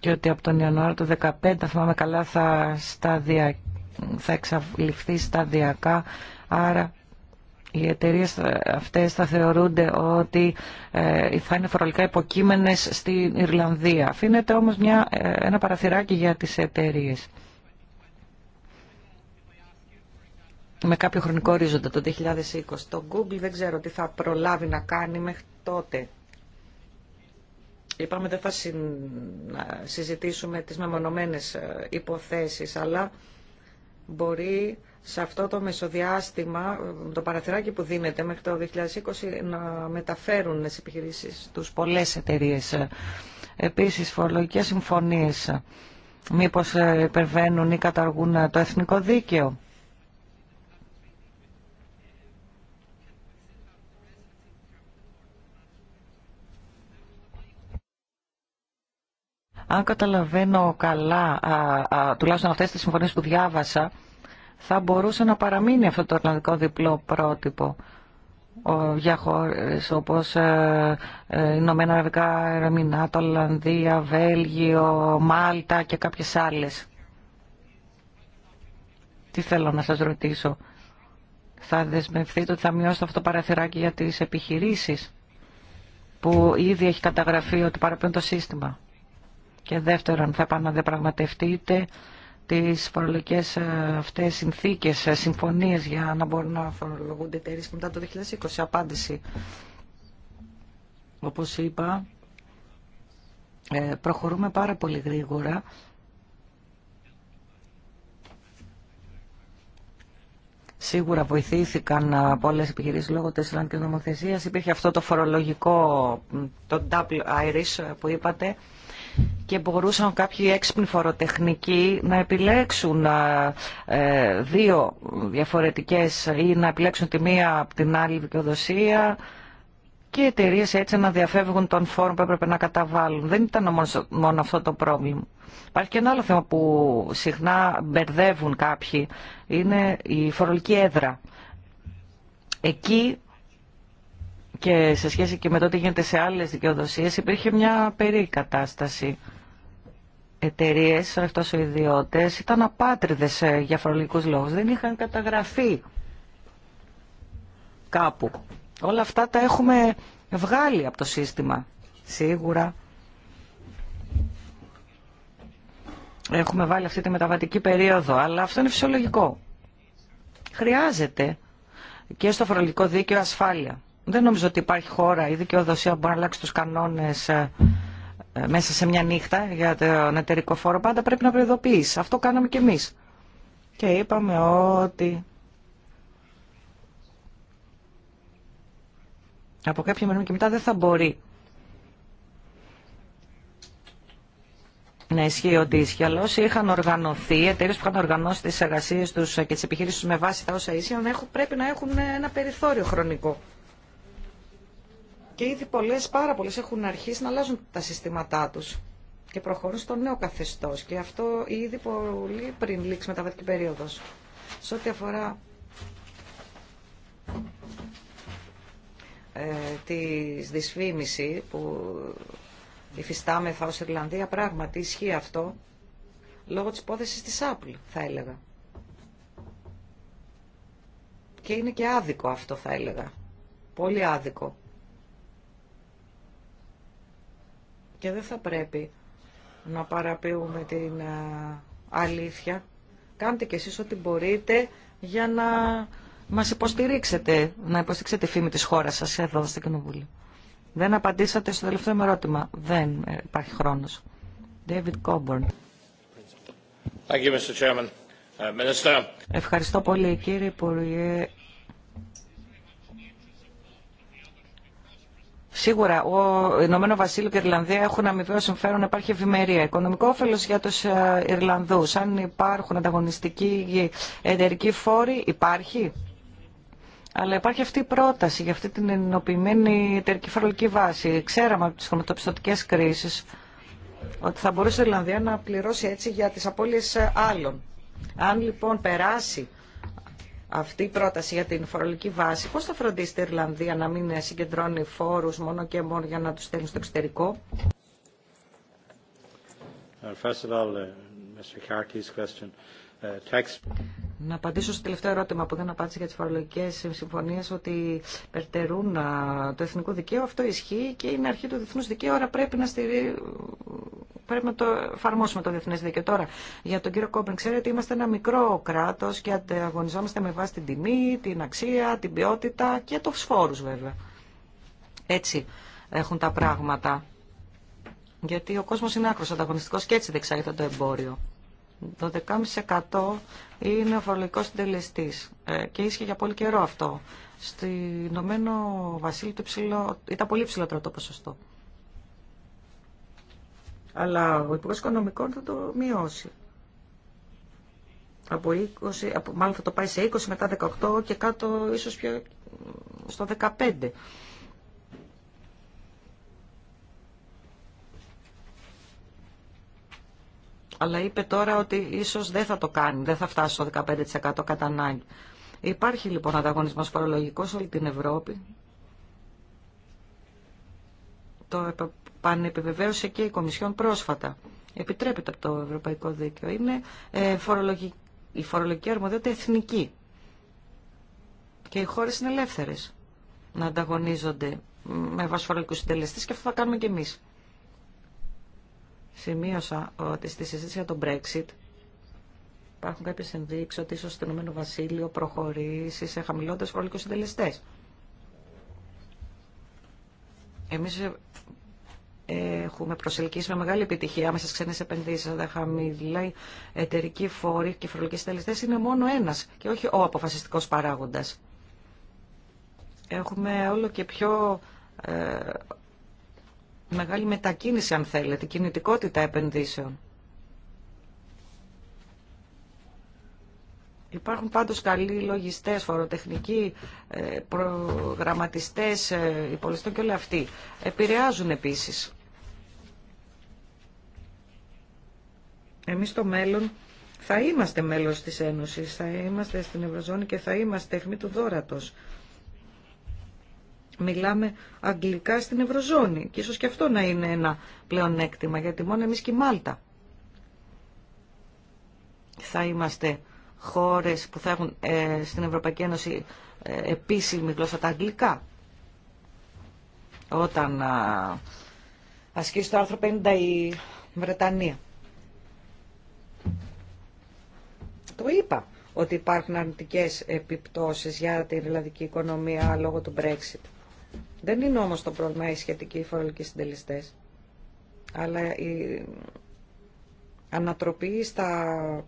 και ότι από τον Ιανουάριο του 2015, θυμάμαι καλά, θα, σταδια, θα εξαβληφθεί σταδιακά, άρα οι εταιρείε αυτές θα θεωρούνται ότι ε, θα είναι φορολογικά υποκείμενες στην Ιρλανδία. Αφήνεται όμως μια, ε, ένα παραθυράκι για τις εταιρείε. Με κάποιο χρονικό ορίζοντα το 2020. Το Google δεν ξέρω τι θα προλάβει να κάνει μέχρι τότε. Είπαμε δεν θα συζητήσουμε τις μεμονωμένες ε, υποθέσεις, αλλά μπορεί σε αυτό το μεσοδιάστημα, το παραθυράκι που δίνεται μέχρι το 2020, να μεταφέρουν τις επιχειρήσεις τους πολλές εταιρείες. Επίσης, φορολογικές συμφωνίες, μήπως ε, υπερβαίνουν ή καταργούν το εθνικό δίκαιο. Αν καταλαβαίνω καλά, α, τουλάχιστον αυτές τις συμφωνίες που διάβασα, θα μπορούσε να παραμείνει αυτό το ορλανδικό διπλό πρότυπο για χώρες όπως ε, ε, Ηνωμένα Αραβικά Εμμυράτα, Ολλανδία, Βέλγιο, Μάλτα και κάποιες άλλες. Τι θέλω να σας ρωτήσω. Θα δεσμευτείτε ότι θα μειώσετε αυτό το παραθυράκι για τις επιχειρήσεις που ήδη έχει καταγραφεί ότι παραπέμπει το σύστημα. Και δεύτερον, θα επαναδιαπραγματευτείτε τις φορολογικές ε, αυτές συνθήκες, ε, συμφωνίες για να μπορούν να φορολογούνται εταιρείε μετά το 2020. Απάντηση. Όπως είπα, ε, προχωρούμε πάρα πολύ γρήγορα. Σίγουρα βοηθήθηκαν πολλές επιχειρήσεις λόγω της Ισλανδικής νομοθεσίας. Υπήρχε αυτό το φορολογικό, το double Irish που είπατε και μπορούσαν κάποιοι έξυπνοι φοροτεχνικοί να επιλέξουν ε, δύο διαφορετικές ή να επιλέξουν τη μία από την άλλη δικαιοδοσία και οι εταιρείε έτσι να διαφεύγουν τον φόρων που έπρεπε να καταβάλουν. Δεν ήταν μόνο αυτό το πρόβλημα. Υπάρχει και ένα άλλο θέμα που συχνά μπερδεύουν κάποιοι. Είναι η φορολογική έδρα. Εκεί και σε σχέση και με το τι γίνεται σε άλλες δικαιοδοσίες υπήρχε μια περί κατάσταση. Εταιρείε, όχι ο ιδιώτε, ήταν απάτριδες για φορολογικούς λόγους. Δεν είχαν καταγραφεί κάπου. Όλα αυτά τα έχουμε βγάλει από το σύστημα. Σίγουρα. Έχουμε βάλει αυτή τη μεταβατική περίοδο, αλλά αυτό είναι φυσιολογικό. Χρειάζεται και στο φορολογικό δίκαιο ασφάλεια. Δεν νομίζω ότι υπάρχει χώρα η δικαιοδοσία που μπορεί να αλλάξει τους κανόνες ε, ε, μέσα σε μια νύχτα για τον εταιρικό φόρο. Πάντα πρέπει να προειδοποιήσει. Αυτό κάναμε κι εμεί. Και είπαμε ότι από κάποια μέρα και μετά δεν θα μπορεί να ισχύει ότι ισχύει. Αλλά όσοι είχαν οργανωθεί, οι εταιρείε που είχαν οργανώσει τι εργασίε του και τι επιχειρήσει του με βάση τα όσα ίσχυαν, πρέπει να έχουν ένα περιθώριο χρονικό. Και ήδη πολλές, πάρα πολλές έχουν αρχίσει να αλλάζουν τα συστήματά τους και προχωρούν στο νέο καθεστώς. Και αυτό ήδη πολύ πριν λήξει μεταβατική περίοδος. Σε ό,τι αφορά ε, τη δυσφήμιση που υφιστάμεθα ως Ιρλανδία, πράγματι ισχύει αυτό λόγω της υπόθεση της Apple, θα έλεγα. Και είναι και άδικο αυτό, θα έλεγα. Πολύ άδικο. και δεν θα πρέπει να παραποιούμε την ε, αλήθεια. Κάντε κι εσείς ό,τι μπορείτε για να μας υποστηρίξετε, να υποστηρίξετε φήμη της χώρας σας εδώ στο Κοινοβούλιο. Δεν απαντήσατε στο τελευταίο μου ερώτημα. Δεν ε, υπάρχει χρόνος. David Coburn. Thank you, Mr. Uh, Ευχαριστώ πολύ κύριε Υπουργέ. Σίγουρα, ο Ηνωμένο Βασίλειο και η Ιρλανδία έχουν αμοιβαίο συμφέρον υπάρχει ευημερία. Οικονομικό όφελο για του ε, Ιρλανδού. Αν υπάρχουν ανταγωνιστικοί εταιρικοί φόροι, υπάρχει. Αλλά υπάρχει αυτή η πρόταση για αυτή την ενοποιημένη εταιρική φορολογική βάση. Ξέραμε από τι χρηματοπιστωτικέ κρίσει ότι θα μπορούσε η Ιρλανδία να πληρώσει έτσι για τι απώλειε άλλων. Αν λοιπόν περάσει αυτή η πρόταση για την φορολογική βάση, πώς θα φροντίσει η Ιρλανδία να μην συγκεντρώνει φόρους μόνο και μόνο για να τους στέλνει στο εξωτερικό. Uh, uh, να απαντήσω στο τελευταίο ερώτημα που δεν απάντησε για τις φορολογικές συμφωνίες ότι περτερούν το εθνικό δικαίωμα. Αυτό ισχύει και είναι αρχή του διεθνούς δικαίου, άρα πρέπει να, στηρί... πρέπει να το εφαρμόσουμε το διεθνέ δίκαιο. Τώρα, για τον κύριο Κόμπεν, ξέρετε, είμαστε ένα μικρό κράτο και αγωνιζόμαστε με βάση την τιμή, την αξία, την ποιότητα και του φόρου, βέβαια. Έτσι έχουν τα πράγματα. Γιατί ο κόσμο είναι άκρο ανταγωνιστικό και έτσι δεξάγεται το εμπόριο. 12,5% είναι ο φορολογικός συντελεστής ε, και ίσχυε για πολύ καιρό αυτό. Στην Ηνωμένο Βασίλειο το ψηλό, ήταν πολύ ψηλότερο το ποσοστό. Αλλά ο Υπουργό Οικονομικών θα το μειώσει. Από 20, από, μάλλον θα το πάει σε 20, μετά 18 και κάτω ίσως πιο στο 15. αλλά είπε τώρα ότι ίσως δεν θα το κάνει, δεν θα φτάσει στο 15% κατά ανάγκη. Υπάρχει λοιπόν ανταγωνισμός φορολογικός σε όλη την Ευρώπη. Το πανεπιβεβαίωσε και η Κομισιόν πρόσφατα. Επιτρέπεται από το Ευρωπαϊκό Δίκαιο. Είναι ε, η φορολογική αρμοδιότητα εθνική. Και οι χώρες είναι ελεύθερες να ανταγωνίζονται με βάση φορολογικούς συντελεστές και αυτό θα κάνουμε και εμείς. Σημείωσα ότι στη συζήτηση για τον Brexit υπάρχουν κάποιε ενδείξει ότι ίσω το Ηνωμένο Βασίλειο προχωρήσει σε χαμηλότερε χρονικού συντελεστέ. Εμεί ε, έχουμε προσελκύσει με μεγάλη επιτυχία μέσα στι ξένε επενδύσει. Αλλά η εταιρικοί φόροι και φορολογικοί συντελεστέ είναι μόνο ένα και όχι ο αποφασιστικό παράγοντα. Έχουμε όλο και πιο ε, μεγάλη μετακίνηση αν θέλετε, κινητικότητα επενδύσεων. Υπάρχουν πάντως καλοί λογιστές, φοροτεχνικοί, ε, προγραμματιστές, ε, υπολογιστέ και όλοι αυτοί. Επηρεάζουν επίσης. Εμείς στο μέλλον θα είμαστε μέλος της Ένωσης, θα είμαστε στην Ευρωζώνη και θα είμαστε τεχνή του δόρατος μιλάμε αγγλικά στην Ευρωζώνη. Και ίσως και αυτό να είναι ένα πλεονέκτημα, γιατί μόνο εμείς και η Μάλτα θα είμαστε χώρες που θα έχουν ε, στην Ευρωπαϊκή Ένωση ε, επίσημη γλώσσα τα αγγλικά. Όταν ασκήσει το άρθρο 50 η Βρετανία. Το είπα ότι υπάρχουν αρνητικές επιπτώσεις για την ελλαδική οικονομία λόγω του Brexit. Δεν είναι όμως το πρόβλημα οι σχετικοί φορολογικοί συντελεστέ. αλλά η ανατροπή στα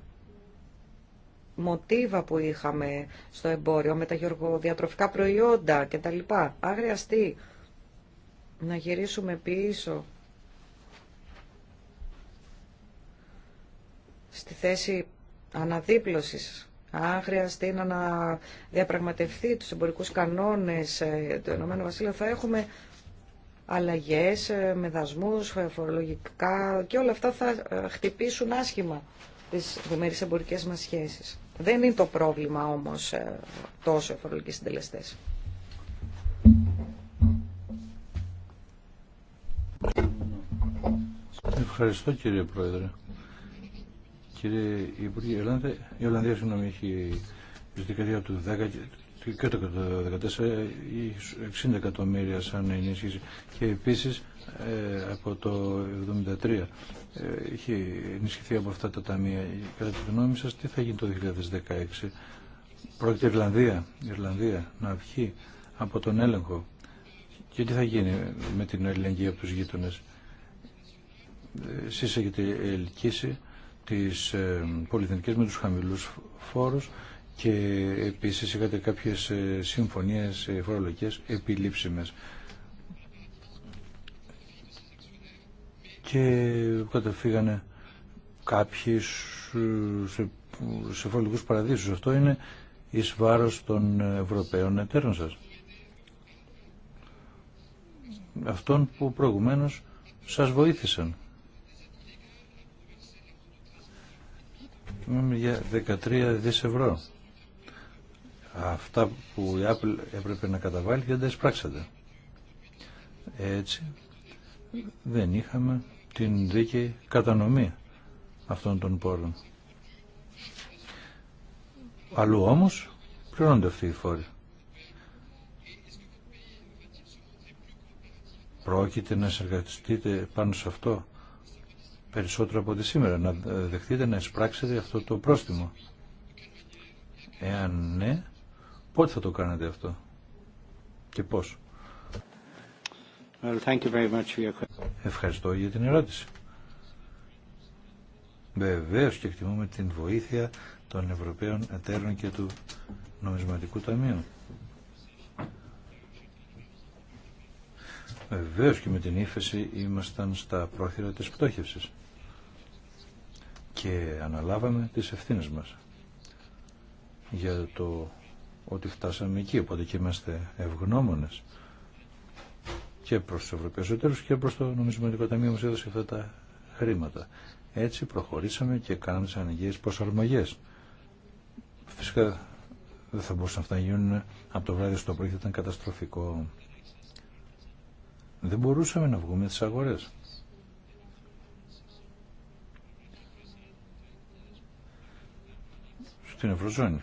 μοτίβα που είχαμε στο εμπόριο με τα γεωργοδιατροφικά προϊόντα κτλ. λοιπά, να γυρίσουμε πίσω στη θέση αναδίπλωσης αν χρειαστεί να διαπραγματευτεί τους εμπορικούς κανόνες ε, του ΕΒ θα έχουμε αλλαγές ε, με δασμούς, φορολογικά και όλα αυτά θα ε, χτυπήσουν άσχημα τις διμερείς εμπορικές μας σχέσεις. Δεν είναι το πρόβλημα όμως τόσο οι φορολογικοί συντελεστές. Ευχαριστώ κύριε Πρόεδρε κύριε Υπουργέ, η Ολλανδία, η Ολλανδία συγγνώμη, έχει στη δεκαετία του 10 και το 2014 60 εκατομμύρια σαν ενίσχυση και επίσης ε, από το 1973 έχει ε, ενισχυθεί από αυτά τα ταμεία. Κατά τη γνώμη σας τι θα γίνει το 2016. Πρόκειται η Ιρλανδία, η Ιρλανδία να βγει από τον έλεγχο και τι θα γίνει με την ελληνική από τους γείτονες. Ε, εσείς έχετε ελκύσει τις ε, πολυεθνικές με τους χαμηλούς φόρους και επίσης είχατε κάποιες ε, συμφωνίες ε, φορολογικές επιλήψιμες. Και καταφύγανε κάποιοι σε, σε φορολογικούς παραδείσους. Αυτό είναι εις βάρος των Ευρωπαίων εταίρων σας. Αυτών που προηγουμένως σας βοήθησαν. Μιλάμε για 13 δις ευρώ. Αυτά που η Apple έπρεπε να καταβάλει δεν τα εισπράξατε. Έτσι δεν είχαμε την δίκαιη κατανομή αυτών των πόρων. Αλλού όμως πληρώνονται αυτοί οι φόροι. Πρόκειται να συνεργαστείτε πάνω σε αυτό περισσότερο από ό,τι σήμερα. Να δεχτείτε να εισπράξετε αυτό το πρόστιμο. Εάν ναι, πότε θα το κάνετε αυτό και πώς. Ευχαριστώ για την ερώτηση. Βεβαίω και εκτιμούμε την βοήθεια των Ευρωπαίων εταίρων και του Νομισματικού Ταμείου. Βεβαίω και με την ύφεση ήμασταν στα πρόθυρα της πτώχευσης και αναλάβαμε τις ευθύνες μας για το ότι φτάσαμε εκεί, οπότε και είμαστε ευγνώμονες και προς τους Ευρωπαίους εταίρους και προς το νομισματικό ταμείο μας έδωσε αυτά τα χρήματα. Έτσι προχωρήσαμε και κάναμε τις αναγκαίες προσαρμογές. Φυσικά δεν θα μπορούσαν αυτά να γίνουν από το βράδυ στο πρωί, ήταν καταστροφικό. Δεν μπορούσαμε να βγούμε τις αγορές. στην Ευρωζώνη.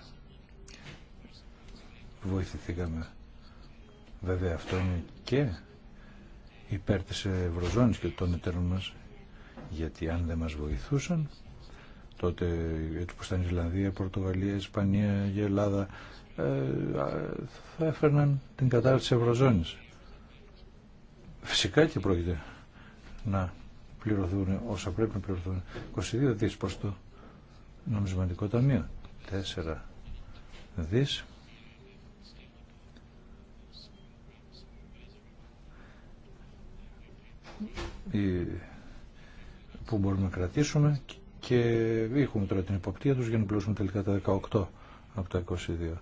Βοηθηθήκαμε. Βέβαια αυτό είναι και υπέρ της Ευρωζώνης και των εταίρων μας, γιατί αν δεν μας βοηθούσαν, τότε έτσι που ήταν η Πορτογαλία, Ισπανία, η Ελλάδα, ε, θα έφερναν την κατάρτιση της Ευρωζώνης. Φυσικά και πρόκειται να πληρωθούν όσα πρέπει να πληρωθούν 22 δις προς το νομισματικό ταμείο τέσσερα, δις που μπορούμε να κρατήσουμε και έχουμε τώρα την υποπτία τους για να πληρώσουμε τελικά τα 18 από τα 22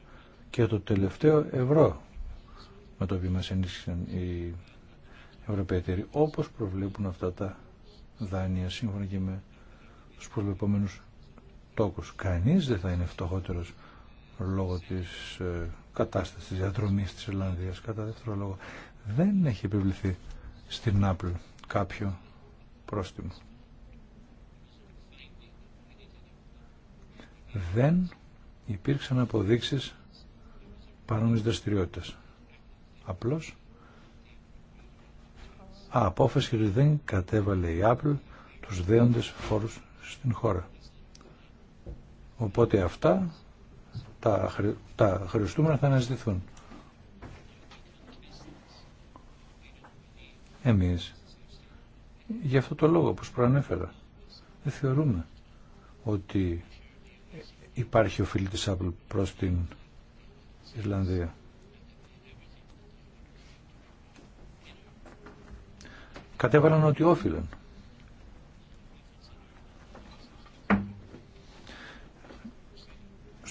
και το τελευταίο ευρώ με το οποίο μας ενίσχυσαν οι Ευρωπαίοι εταιροί όπως προβλέπουν αυτά τα δάνεια σύμφωνα και με τους προβλεπόμενους τόκους. Κανείς δεν θα είναι φτωχότερος λόγω της κατάσταση, ε, κατάστασης της διαδρομής της Κατά δεύτερο λόγο δεν έχει επιβληθεί στην Apple κάποιο πρόστιμο. Δεν υπήρξαν αποδείξεις παρόμοιες δραστηριότητες. Απλώς απόφαση ότι δεν κατέβαλε η Apple τους δέοντες φόρους στην χώρα. Οπότε αυτά τα, τα χρηστούμενα θα αναζητηθούν. Εμείς, για αυτό το λόγο που προανέφερα, δεν θεωρούμε ότι υπάρχει οφείλη της Apple προς την Ιρλανδία. Κατέβαλαν ότι όφυλαν.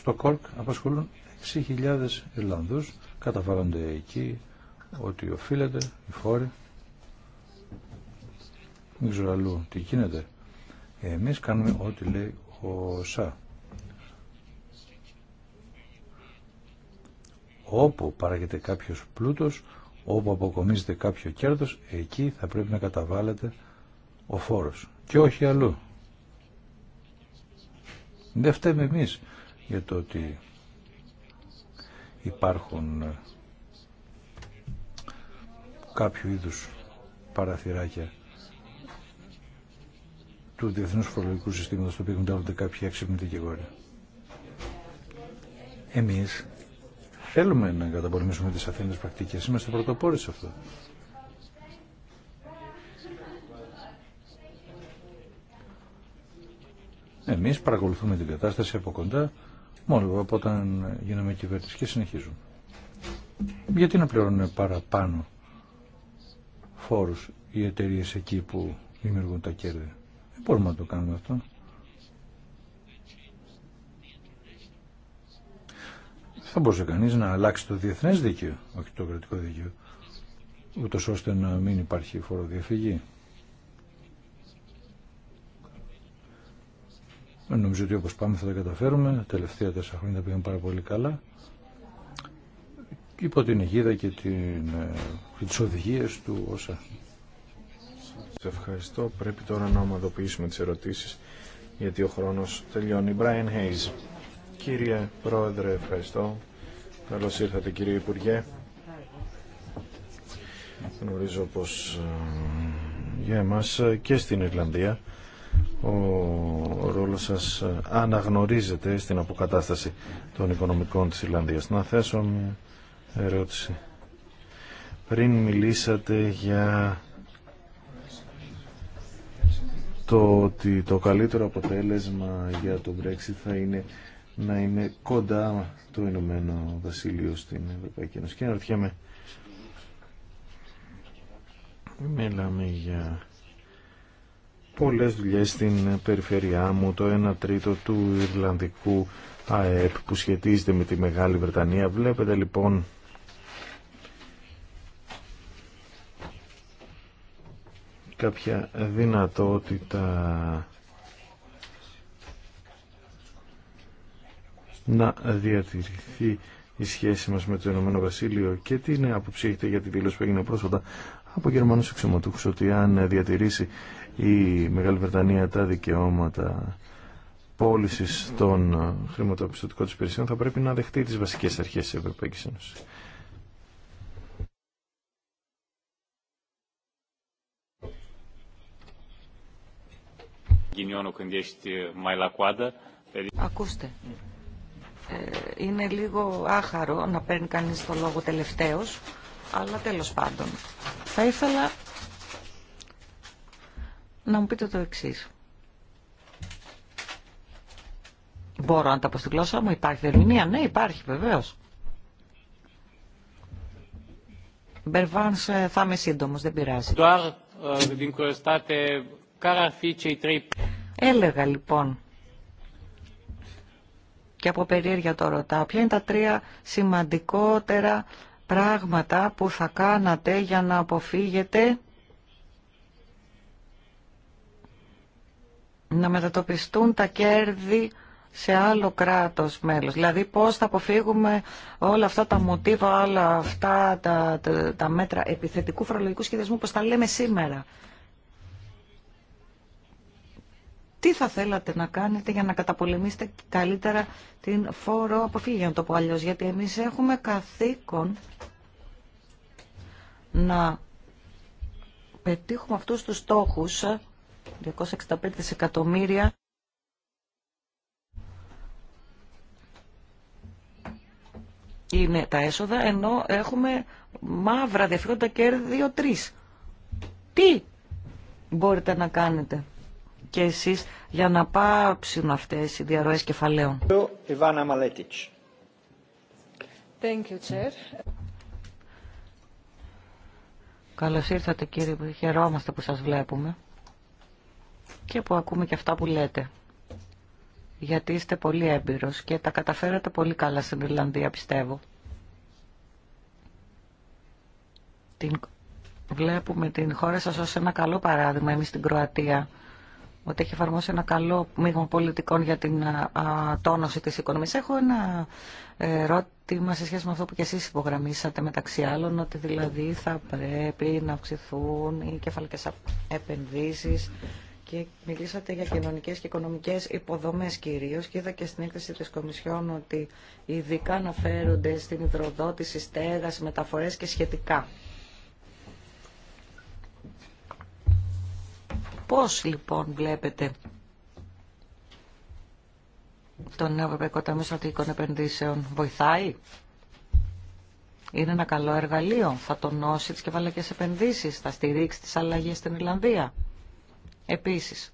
στο Κόρκ απασχολούν 6.000 Ιρλανδούς, καταβάλλονται εκεί ότι οφείλεται οι φόροι. Δεν ξέρω αλλού τι γίνεται. Εμεί κάνουμε ό,τι λέει ο ΣΑ. Όπου παράγεται κάποιο πλούτος, όπου αποκομίζεται κάποιο κέρδος, εκεί θα πρέπει να καταβάλλεται ο φόρος. Και όχι αλλού. Δεν φταίμε εμείς για το ότι υπάρχουν κάποιο είδους παραθυράκια του διεθνούς φορολογικού συστήματος στο οποίο έχουν κάποιοι έξυπνοι δικηγόροι. Εμείς θέλουμε να καταπολεμήσουμε τις αθήνες πρακτικές. Είμαστε πρωτοπόροι σε αυτό. Εμείς παρακολουθούμε την κατάσταση από κοντά μόνο από όταν γίναμε κυβέρνηση και συνεχίζουμε. Γιατί να πληρώνουν παραπάνω φόρους οι εταιρείε εκεί που δημιουργούν τα κέρδη. Δεν μπορούμε να το κάνουμε αυτό. Θα μπορούσε κανείς να αλλάξει το διεθνές δίκαιο, όχι το κρατικό δίκαιο, ούτως ώστε να μην υπάρχει φοροδιαφυγή. Νομίζω ότι όπως πάμε θα τα καταφέρουμε. Τα τελευταία τέσσερα χρόνια τα πήγαν πάρα πολύ καλά. Υπό την αιγίδα και, την, ε, και του όσα. Σας ευχαριστώ. Πρέπει τώρα να ομαδοποιήσουμε τις ερωτήσεις γιατί ο χρόνος τελειώνει. Brian Hayes. Κύριε Πρόεδρε, ευχαριστώ. Καλώς ήρθατε κύριε Υπουργέ. Γνωρίζω πως ε, για εμάς και στην Ιρλανδία ο ρόλος σας ε, αναγνωρίζεται στην αποκατάσταση των οικονομικών της Ιλλανδίας. Να θέσω μια ερώτηση. Πριν μιλήσατε για το ότι το καλύτερο αποτέλεσμα για το Brexit θα είναι να είναι κοντά το Ηνωμένο Βασίλειο στην Ευρωπαϊκή Ένωση. Και αναρωτιέμαι, μιλάμε για πολλές δουλειές στην περιφερειά μου, το 1 τρίτο του Ιρλανδικού ΑΕΠ που σχετίζεται με τη Μεγάλη Βρετανία. Βλέπετε λοιπόν κάποια δυνατότητα να διατηρηθεί η σχέση μας με το Ηνωμένο Βασίλειο και τι είναι άποψη έχετε για τη δήλωση που έγινε πρόσφατα από Γερμανούς εξωματούχους ότι αν διατηρήσει η Μεγάλη Βρετανία τα δικαιώματα πώληση των ε, χρηματοπιστωτικών τη υπηρεσιών θα πρέπει να δεχτεί τι βασικέ αρχέ τη Ευρωπαϊκή Ένωση. Ακούστε, ε, είναι λίγο άχαρο να παίρνει κανείς το λόγο τελευταίος, αλλά τέλος πάντων. Θα ήθελα να μου πείτε το εξή. Μπορώ να τα πω στη γλώσσα μου, υπάρχει ερμηνεία. Ναι, υπάρχει βεβαίω. Μπερβάν, ε, θα είμαι σύντομο, δεν πειράζει. Ε, Έλεγα λοιπόν και από περίεργεια το ρωτάω, ποια είναι τα τρία σημαντικότερα πράγματα που θα κάνατε για να αποφύγετε να μετατοπιστούν τα κέρδη σε άλλο κράτος μέλος. Δηλαδή πώς θα αποφύγουμε όλα αυτά τα μοτίβα, όλα αυτά τα, τα, μέτρα επιθετικού φορολογικού σχεδιασμού, που τα λέμε σήμερα. Τι θα θέλατε να κάνετε για να καταπολεμήσετε καλύτερα την φόρο αποφύγη, για να το πω αλλιώς, γιατί εμείς έχουμε καθήκον να πετύχουμε αυτούς τους στόχους 265 δισεκατομμύρια είναι τα έσοδα, ενώ έχουμε μαύρα διαφυγόντα κέρδη 2-3. Τι μπορείτε να κάνετε και εσείς για να πάψουν αυτές οι διαρροές κεφαλαίων. Ιβάνα Thank you, Καλώς ήρθατε κύριε, χαιρόμαστε που σας βλέπουμε και που ακούμε και αυτά που λέτε. Γιατί είστε πολύ έμπειρος και τα καταφέρατε πολύ καλά στην Ιρλανδία, πιστεύω. Την... Βλέπουμε την χώρα σας ως ένα καλό παράδειγμα, εμείς στην Κροατία, ότι έχει εφαρμόσει ένα καλό μείγμα πολιτικών για την τόνωση της οικονομίας. Έχω ένα ερώτημα σε σχέση με αυτό που και εσείς υπογραμμίσατε μεταξύ άλλων, ότι δηλαδή θα πρέπει να αυξηθούν οι κεφαλικές επενδύσεις, και μιλήσατε για κοινωνικέ και οικονομικές υποδομές κυρίω και είδα και στην έκθεση τη Κομισιόν ότι ειδικά αναφέρονται στην υδροδότηση, στέγαση, μεταφορές και σχετικά. Πώς λοιπόν βλέπετε το νέο Ευρωπαϊκό Ταμείο Στρατηγικών Επενδύσεων βοηθάει. Είναι ένα καλό εργαλείο. Θα τονώσει τις κεφαλαϊκές επενδύσεις, θα στηρίξει τις αλλαγές στην Ιρλανδία. Επίσης,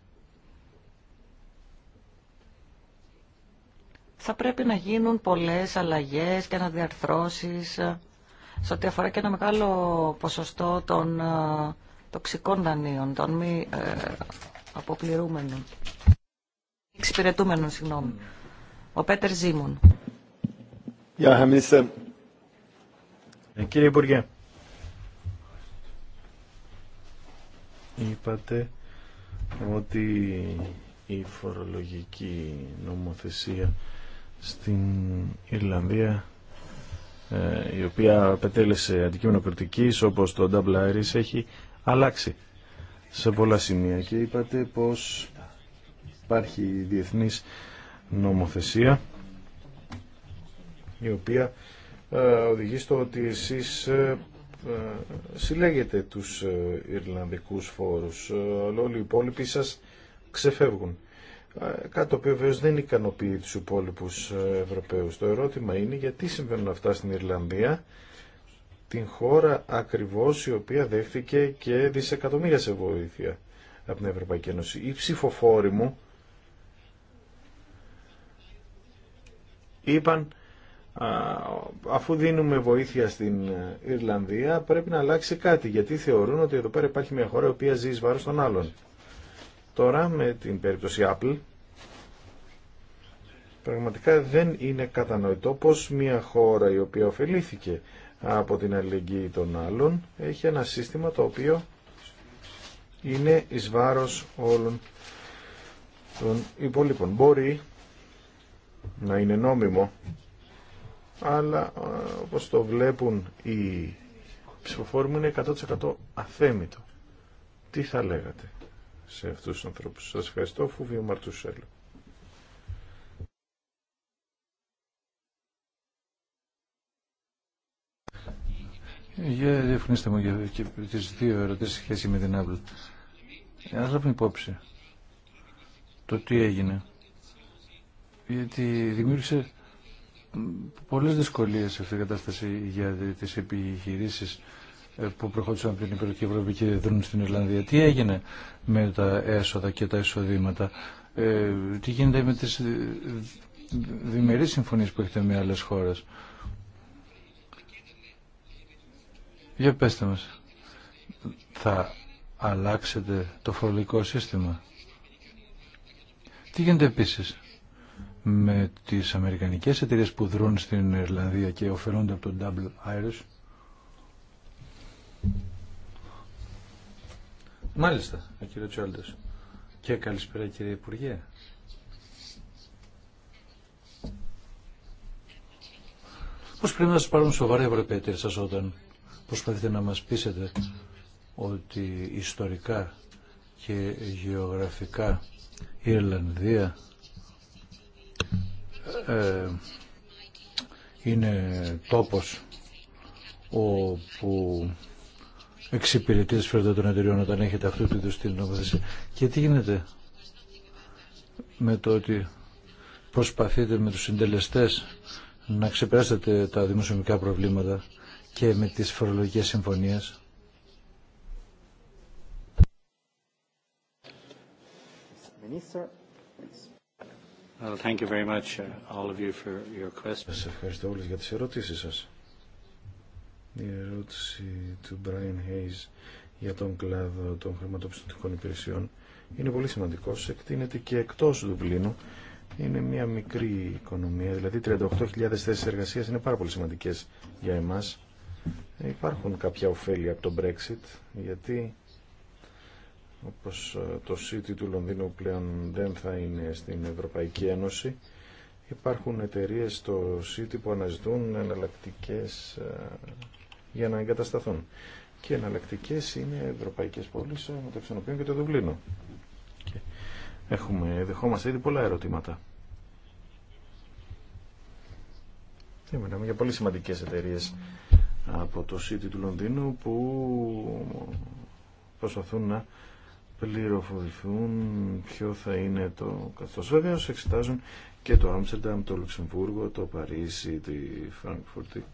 θα πρέπει να γίνουν πολλές αλλαγές και αναδιαρθρώσεις ε, σε ό,τι αφορά και ένα μεγάλο ποσοστό των ε, τοξικών δανείων, των μη ε, αποπληρούμενων, εξυπηρετούμενων, συγγνώμη. Ο Πέτερ Ζήμων. Γεια, yeah, Κύριε Υπουργέ, είπατε ότι η φορολογική νομοθεσία στην Ιρλανδία ε, η οποία πετέλεσε αντικείμενο κριτικής όπως το Double Iris έχει αλλάξει σε πολλά σημεία και είπατε πως υπάρχει διεθνής νομοθεσία η οποία ε, οδηγεί στο ότι εσείς ε, ε, συλλέγετε τους ε, Ιρλανδικούς φόρους, ε, αλλά όλοι οι υπόλοιποι σας ξεφεύγουν. Κάτι το οποίο βέβαια δεν ικανοποιεί τους υπόλοιπους Ευρωπαίους. Το ερώτημα είναι γιατί συμβαίνουν αυτά στην Ιρλανδία, την χώρα ακριβώς η οποία δέχτηκε και δισεκατομμύρια σε βοήθεια από την Ευρωπαϊκή Ένωση. Οι ψηφοφόροι μου είπαν αφού δίνουμε βοήθεια στην ε, Ιρλανδία πρέπει να αλλάξει κάτι γιατί θεωρούν ότι εδώ πέρα υπάρχει μια χώρα η οποία ζει εις βάρος των άλλων. Τώρα με την περίπτωση Apple πραγματικά δεν είναι κατανοητό πως μια χώρα η οποία ωφελήθηκε από την αλληλεγγύη των άλλων έχει ένα σύστημα το οποίο είναι εις βάρος όλων των υπολείπων. Μπορεί να είναι νόμιμο αλλά ε, όπως το βλέπουν οι ψηφοφόροι μου είναι 100% αθέμητο. Τι θα λέγατε σε αυτούς τους ανθρώπους. Σας ευχαριστώ Φουβίο Μαρτουσέλου. Για διευκρινίστε μου για τις δύο ερωτήσεις σχέση με την Apple. Αν λάβουμε υπόψη το τι έγινε. Γιατί δημιούργησε πολλές δυσκολίες σε αυτή την κατάσταση για τις επιχειρήσεις ε, που προχώρησαν από την Υπηρετική Ευρώπη και δρούν στην Ιρλανδία. Τι έγινε με τα έσοδα και τα εισοδήματα. Ε, τι γίνεται με τις ε, διμερείς συμφωνίε που έχετε με άλλες χώρες. Για πέστε μας. Θα αλλάξετε το φορολογικό σύστημα. Τι γίνεται επίσης με τις αμερικανικές εταιρείες που δρούν στην Ιρλανδία και ωφελούνται από το Double Irish. Μάλιστα, ο κύριο Τσόλτος. Και καλησπέρα κύριε Υπουργέ. Πώς πρέπει να σας πάρουν σοβαρά οι Ευρωπαίοι σας όταν προσπαθείτε να μας πείσετε ότι ιστορικά και γεωγραφικά η Ιρλανδία ε, είναι τόπος όπου εξυπηρετεί τις φέρετε των εταιριών όταν έχετε αυτού του είδους την νομοθεσία. Και τι γίνεται με το ότι προσπαθείτε με τους συντελεστές να ξεπεράσετε τα δημοσιομικά προβλήματα και με τις φορολογικές συμφωνίες. Minister. Well, Σας ευχαριστώ όλους για τις ερωτήσεις σας. Η ερώτηση του Brian Hayes για τον κλάδο των χρηματοπιστωτικών υπηρεσιών είναι πολύ σημαντικός. Εκτείνεται και εκτός Δουβλίνου. Είναι μια μικρή οικονομία, δηλαδή 38.000 θέσεις εργασίας είναι πάρα πολύ σημαντικές για εμάς. Υπάρχουν κάποια ωφέλη από το Brexit, γιατί όπως ε, το City του Λονδίνου πλέον δεν θα είναι στην Ευρωπαϊκή Ένωση υπάρχουν εταιρείε στο City που αναζητούν εναλλακτικέ ε, για να εγκατασταθούν και εναλλακτικέ είναι ευρωπαϊκές πόλει ε, μεταξύ των οποίων και το Δουβλίνο έχουμε, δεχόμαστε ήδη πολλά ερωτήματα και για πολύ σημαντικές εταιρείε από το City του Λονδίνου που προσπαθούν να πληροφορηθούν ποιο θα είναι το καθώς βέβαια εξετάζουν και το Άμστερνταμ, το Λουξεμβούργο, το Παρίσι, τη Φραγκφουρτή.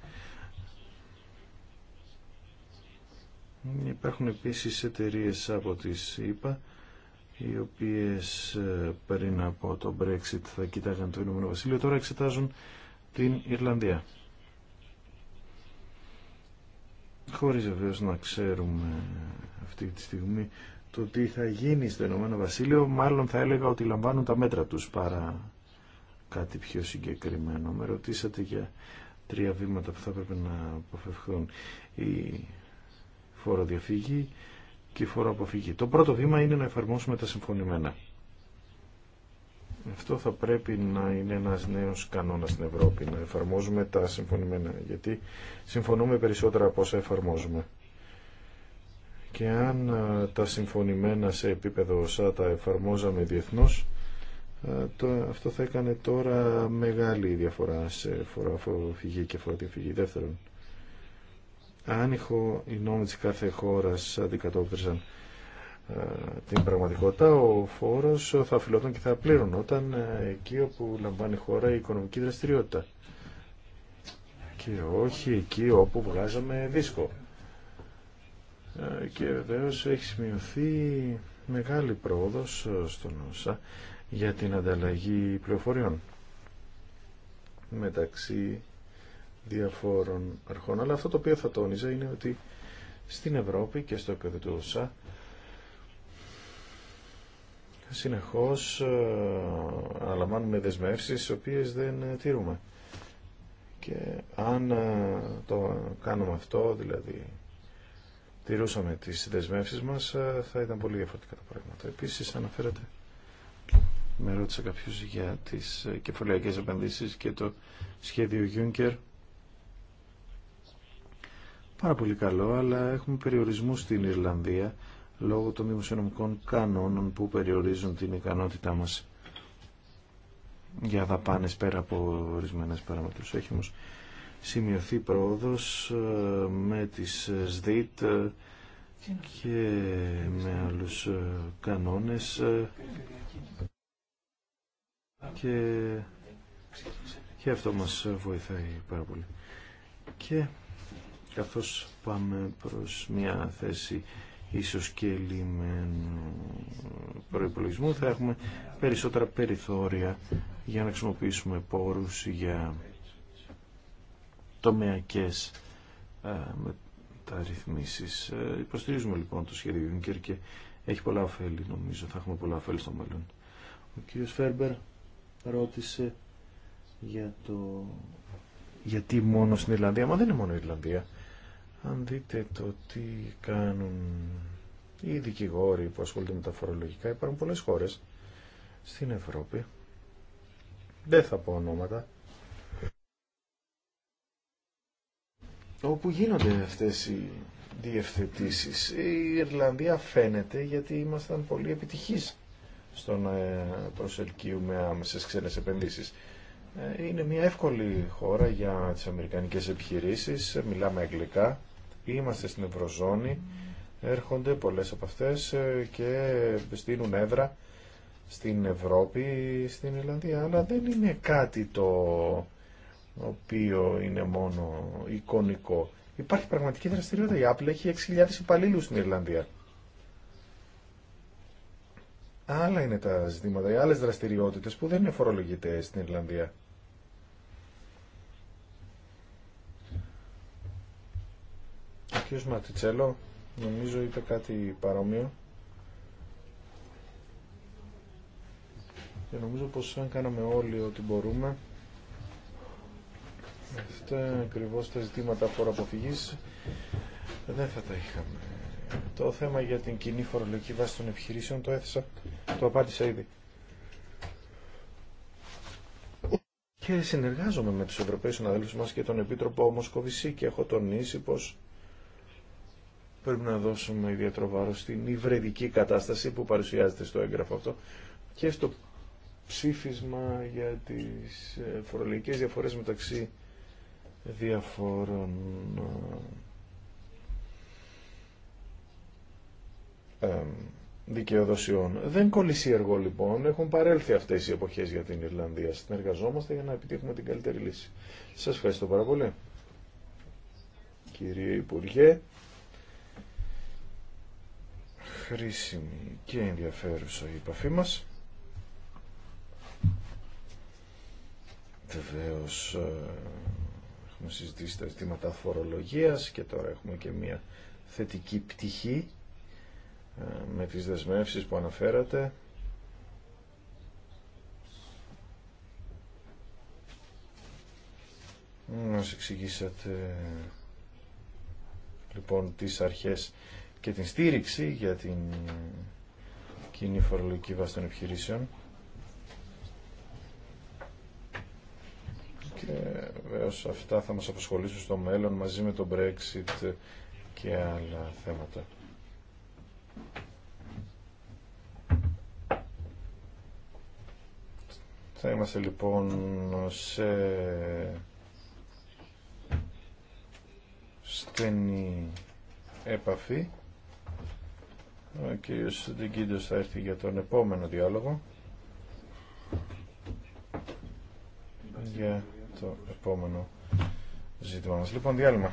Υπάρχουν επίσης εταιρείε από τις ΗΠΑ οι οποίες ε, πριν από το Brexit θα κοίταγαν το Ηνωμένο Βασίλειο, τώρα εξετάζουν την Ιρλανδία. Χωρίς βεβαίως να ξέρουμε αυτή τη στιγμή το τι θα γίνει στο Ηνωμένο Βασίλειο, μάλλον θα έλεγα ότι λαμβάνουν τα μέτρα τους παρά κάτι πιο συγκεκριμένο. Με ρωτήσατε για τρία βήματα που θα έπρεπε να αποφευχθούν. Η φοροδιαφύγη και η φοροαποφυγή. Το πρώτο βήμα είναι να εφαρμόσουμε τα συμφωνημένα. Αυτό θα πρέπει να είναι ένας νέος κανόνας στην Ευρώπη, να εφαρμόζουμε τα συμφωνημένα, γιατί συμφωνούμε περισσότερα από όσα εφαρμόζουμε και αν ε, τα συμφωνημένα σε επίπεδο ΩΣΑ τα εφαρμόζαμε διεθνώς ε, το, αυτό θα έκανε τώρα μεγάλη διαφορά σε φορά φυγή και φορά φυγή δεύτερον αν οι νόμοι της κάθε χώρας αντικατόπτρισαν ε, την πραγματικότητα ο φόρος θα αφιλόταν και θα πλήρωνόταν εκεί όπου λαμβάνει η χώρα η οικονομική δραστηριότητα και όχι εκεί όπου βγάζαμε δίσκο ε, και βεβαίως έχει σημειωθεί μεγάλη πρόοδος ε, στον ΩΣΑ για την ανταλλαγή πληροφοριών μεταξύ διαφόρων αρχών. Αλλά αυτό το οποίο θα τόνιζα είναι ότι στην Ευρώπη και στο επίπεδο του ΩΣΑ συνεχώς ε, αναλαμβάνουμε δεσμεύσεις οι οποίες δεν τηρούμε. Και αν το κάνουμε αυτό, δηλαδή τηρούσαμε τις δεσμεύσεις μας ε, θα ήταν πολύ διαφορετικά τα πράγματα. Επίσης αναφέρατε με ρώτησα κάποιος για τις ε, κεφαλαιακές επενδύσεις και το σχέδιο Juncker. Πάρα πολύ καλό, αλλά έχουμε περιορισμού στην Ιρλανδία λόγω των δημοσιονομικών κανόνων που περιορίζουν την ικανότητά μας για δαπάνες πέρα από ορισμένες παραμετρούς. Έχει όμως σημειωθεί πρόοδος ε, με τις ε, ΣΔΙΤ ε, και με άλλους κανόνες και, και αυτό μας βοηθάει πάρα πολύ. Και καθώς πάμε προς μια θέση ίσως και λιμένου προϋπολογισμού θα έχουμε περισσότερα περιθώρια για να χρησιμοποιήσουμε πόρους για τομεακές ε, μεταρρυθμίσεις. Ε, υποστηρίζουμε λοιπόν το σχέδιο Juncker και έχει πολλά ωφέλη νομίζω, θα έχουμε πολλά ωφέλη στο μέλλον. Ο κύριος Φέρμπερ ρώτησε για το γιατί μόνο στην Ιρλανδία, μα δεν είναι μόνο η Ιρλανδία. Αν δείτε το τι κάνουν οι δικηγόροι που ασχολούνται με τα φορολογικά, υπάρχουν πολλές χώρες στην Ευρώπη. Δεν θα πω ονόματα, όπου γίνονται αυτές οι διευθετήσεις. Η Ιρλανδία φαίνεται γιατί ήμασταν πολύ επιτυχείς στον να ε, προσελκύουμε άμεσες ξένες επενδύσεις. Ε, είναι μια εύκολη χώρα για τις αμερικανικές επιχειρήσεις, μιλάμε αγγλικά, είμαστε στην Ευρωζώνη, έρχονται πολλές από αυτές ε, και στείλουν έδρα στην Ευρώπη, στην Ιρλανδία, αλλά δεν είναι κάτι το οποίο είναι μόνο εικονικό. Υπάρχει πραγματική δραστηριότητα. Η Apple έχει 6.000 υπαλλήλους στην Ιρλανδία. Άλλα είναι τα ζητήματα, οι άλλες δραστηριότητες που δεν είναι φορολογητές στην Ιρλανδία. Ο κ. Ματιτσέλο νομίζω είπε κάτι παρόμοιο. Και νομίζω πως αν κάναμε όλοι ό,τι μπορούμε Αυτά ακριβώς τα ζητήματα φοροαποφυγής δεν θα τα είχαμε. Το θέμα για την κοινή φορολογική βάση των επιχειρήσεων το έθεσα, το απάντησα ήδη. Και συνεργάζομαι με τους Ευρωπαίους συναδέλφους μας και τον Επίτροπο Μοσκοβισή και έχω τονίσει πως πρέπει να δώσουμε ιδιαίτερο βάρος στην υβρεδική κατάσταση που παρουσιάζεται στο έγγραφο αυτό και στο ψήφισμα για τις ε, φορολογικές διαφορές μεταξύ διαφόρων ε, δικαιοδοσιών. Δεν εργό λοιπόν, έχουν παρέλθει αυτές οι εποχές για την Ιρλανδία. Συνεργαζόμαστε για να επιτύχουμε την καλύτερη λύση. Σας ευχαριστώ πάρα πολύ. Κύριε Υπουργέ, χρήσιμη και ενδιαφέρουσα η επαφή μας. Βεβαίως ε, έχουμε συζητήσει τα ζητήματα φορολογίας και τώρα έχουμε και μια θετική πτυχή ε, με τις δεσμεύσεις που αναφέρατε. Μας εξηγήσατε λοιπόν τις αρχές και την στήριξη για την κοινή φορολογική βάση των επιχειρήσεων. και βεβαίως αυτά θα μας απασχολήσουν στο μέλλον μαζί με το Brexit και άλλα θέματα. Θα είμαστε λοιπόν σε στενή επαφή. Ο κύριος Ντεγκίντος θα έρθει για τον επόμενο διάλογο το επόμενο ζήτημα μας. Λοιπόν, διάλειμμα.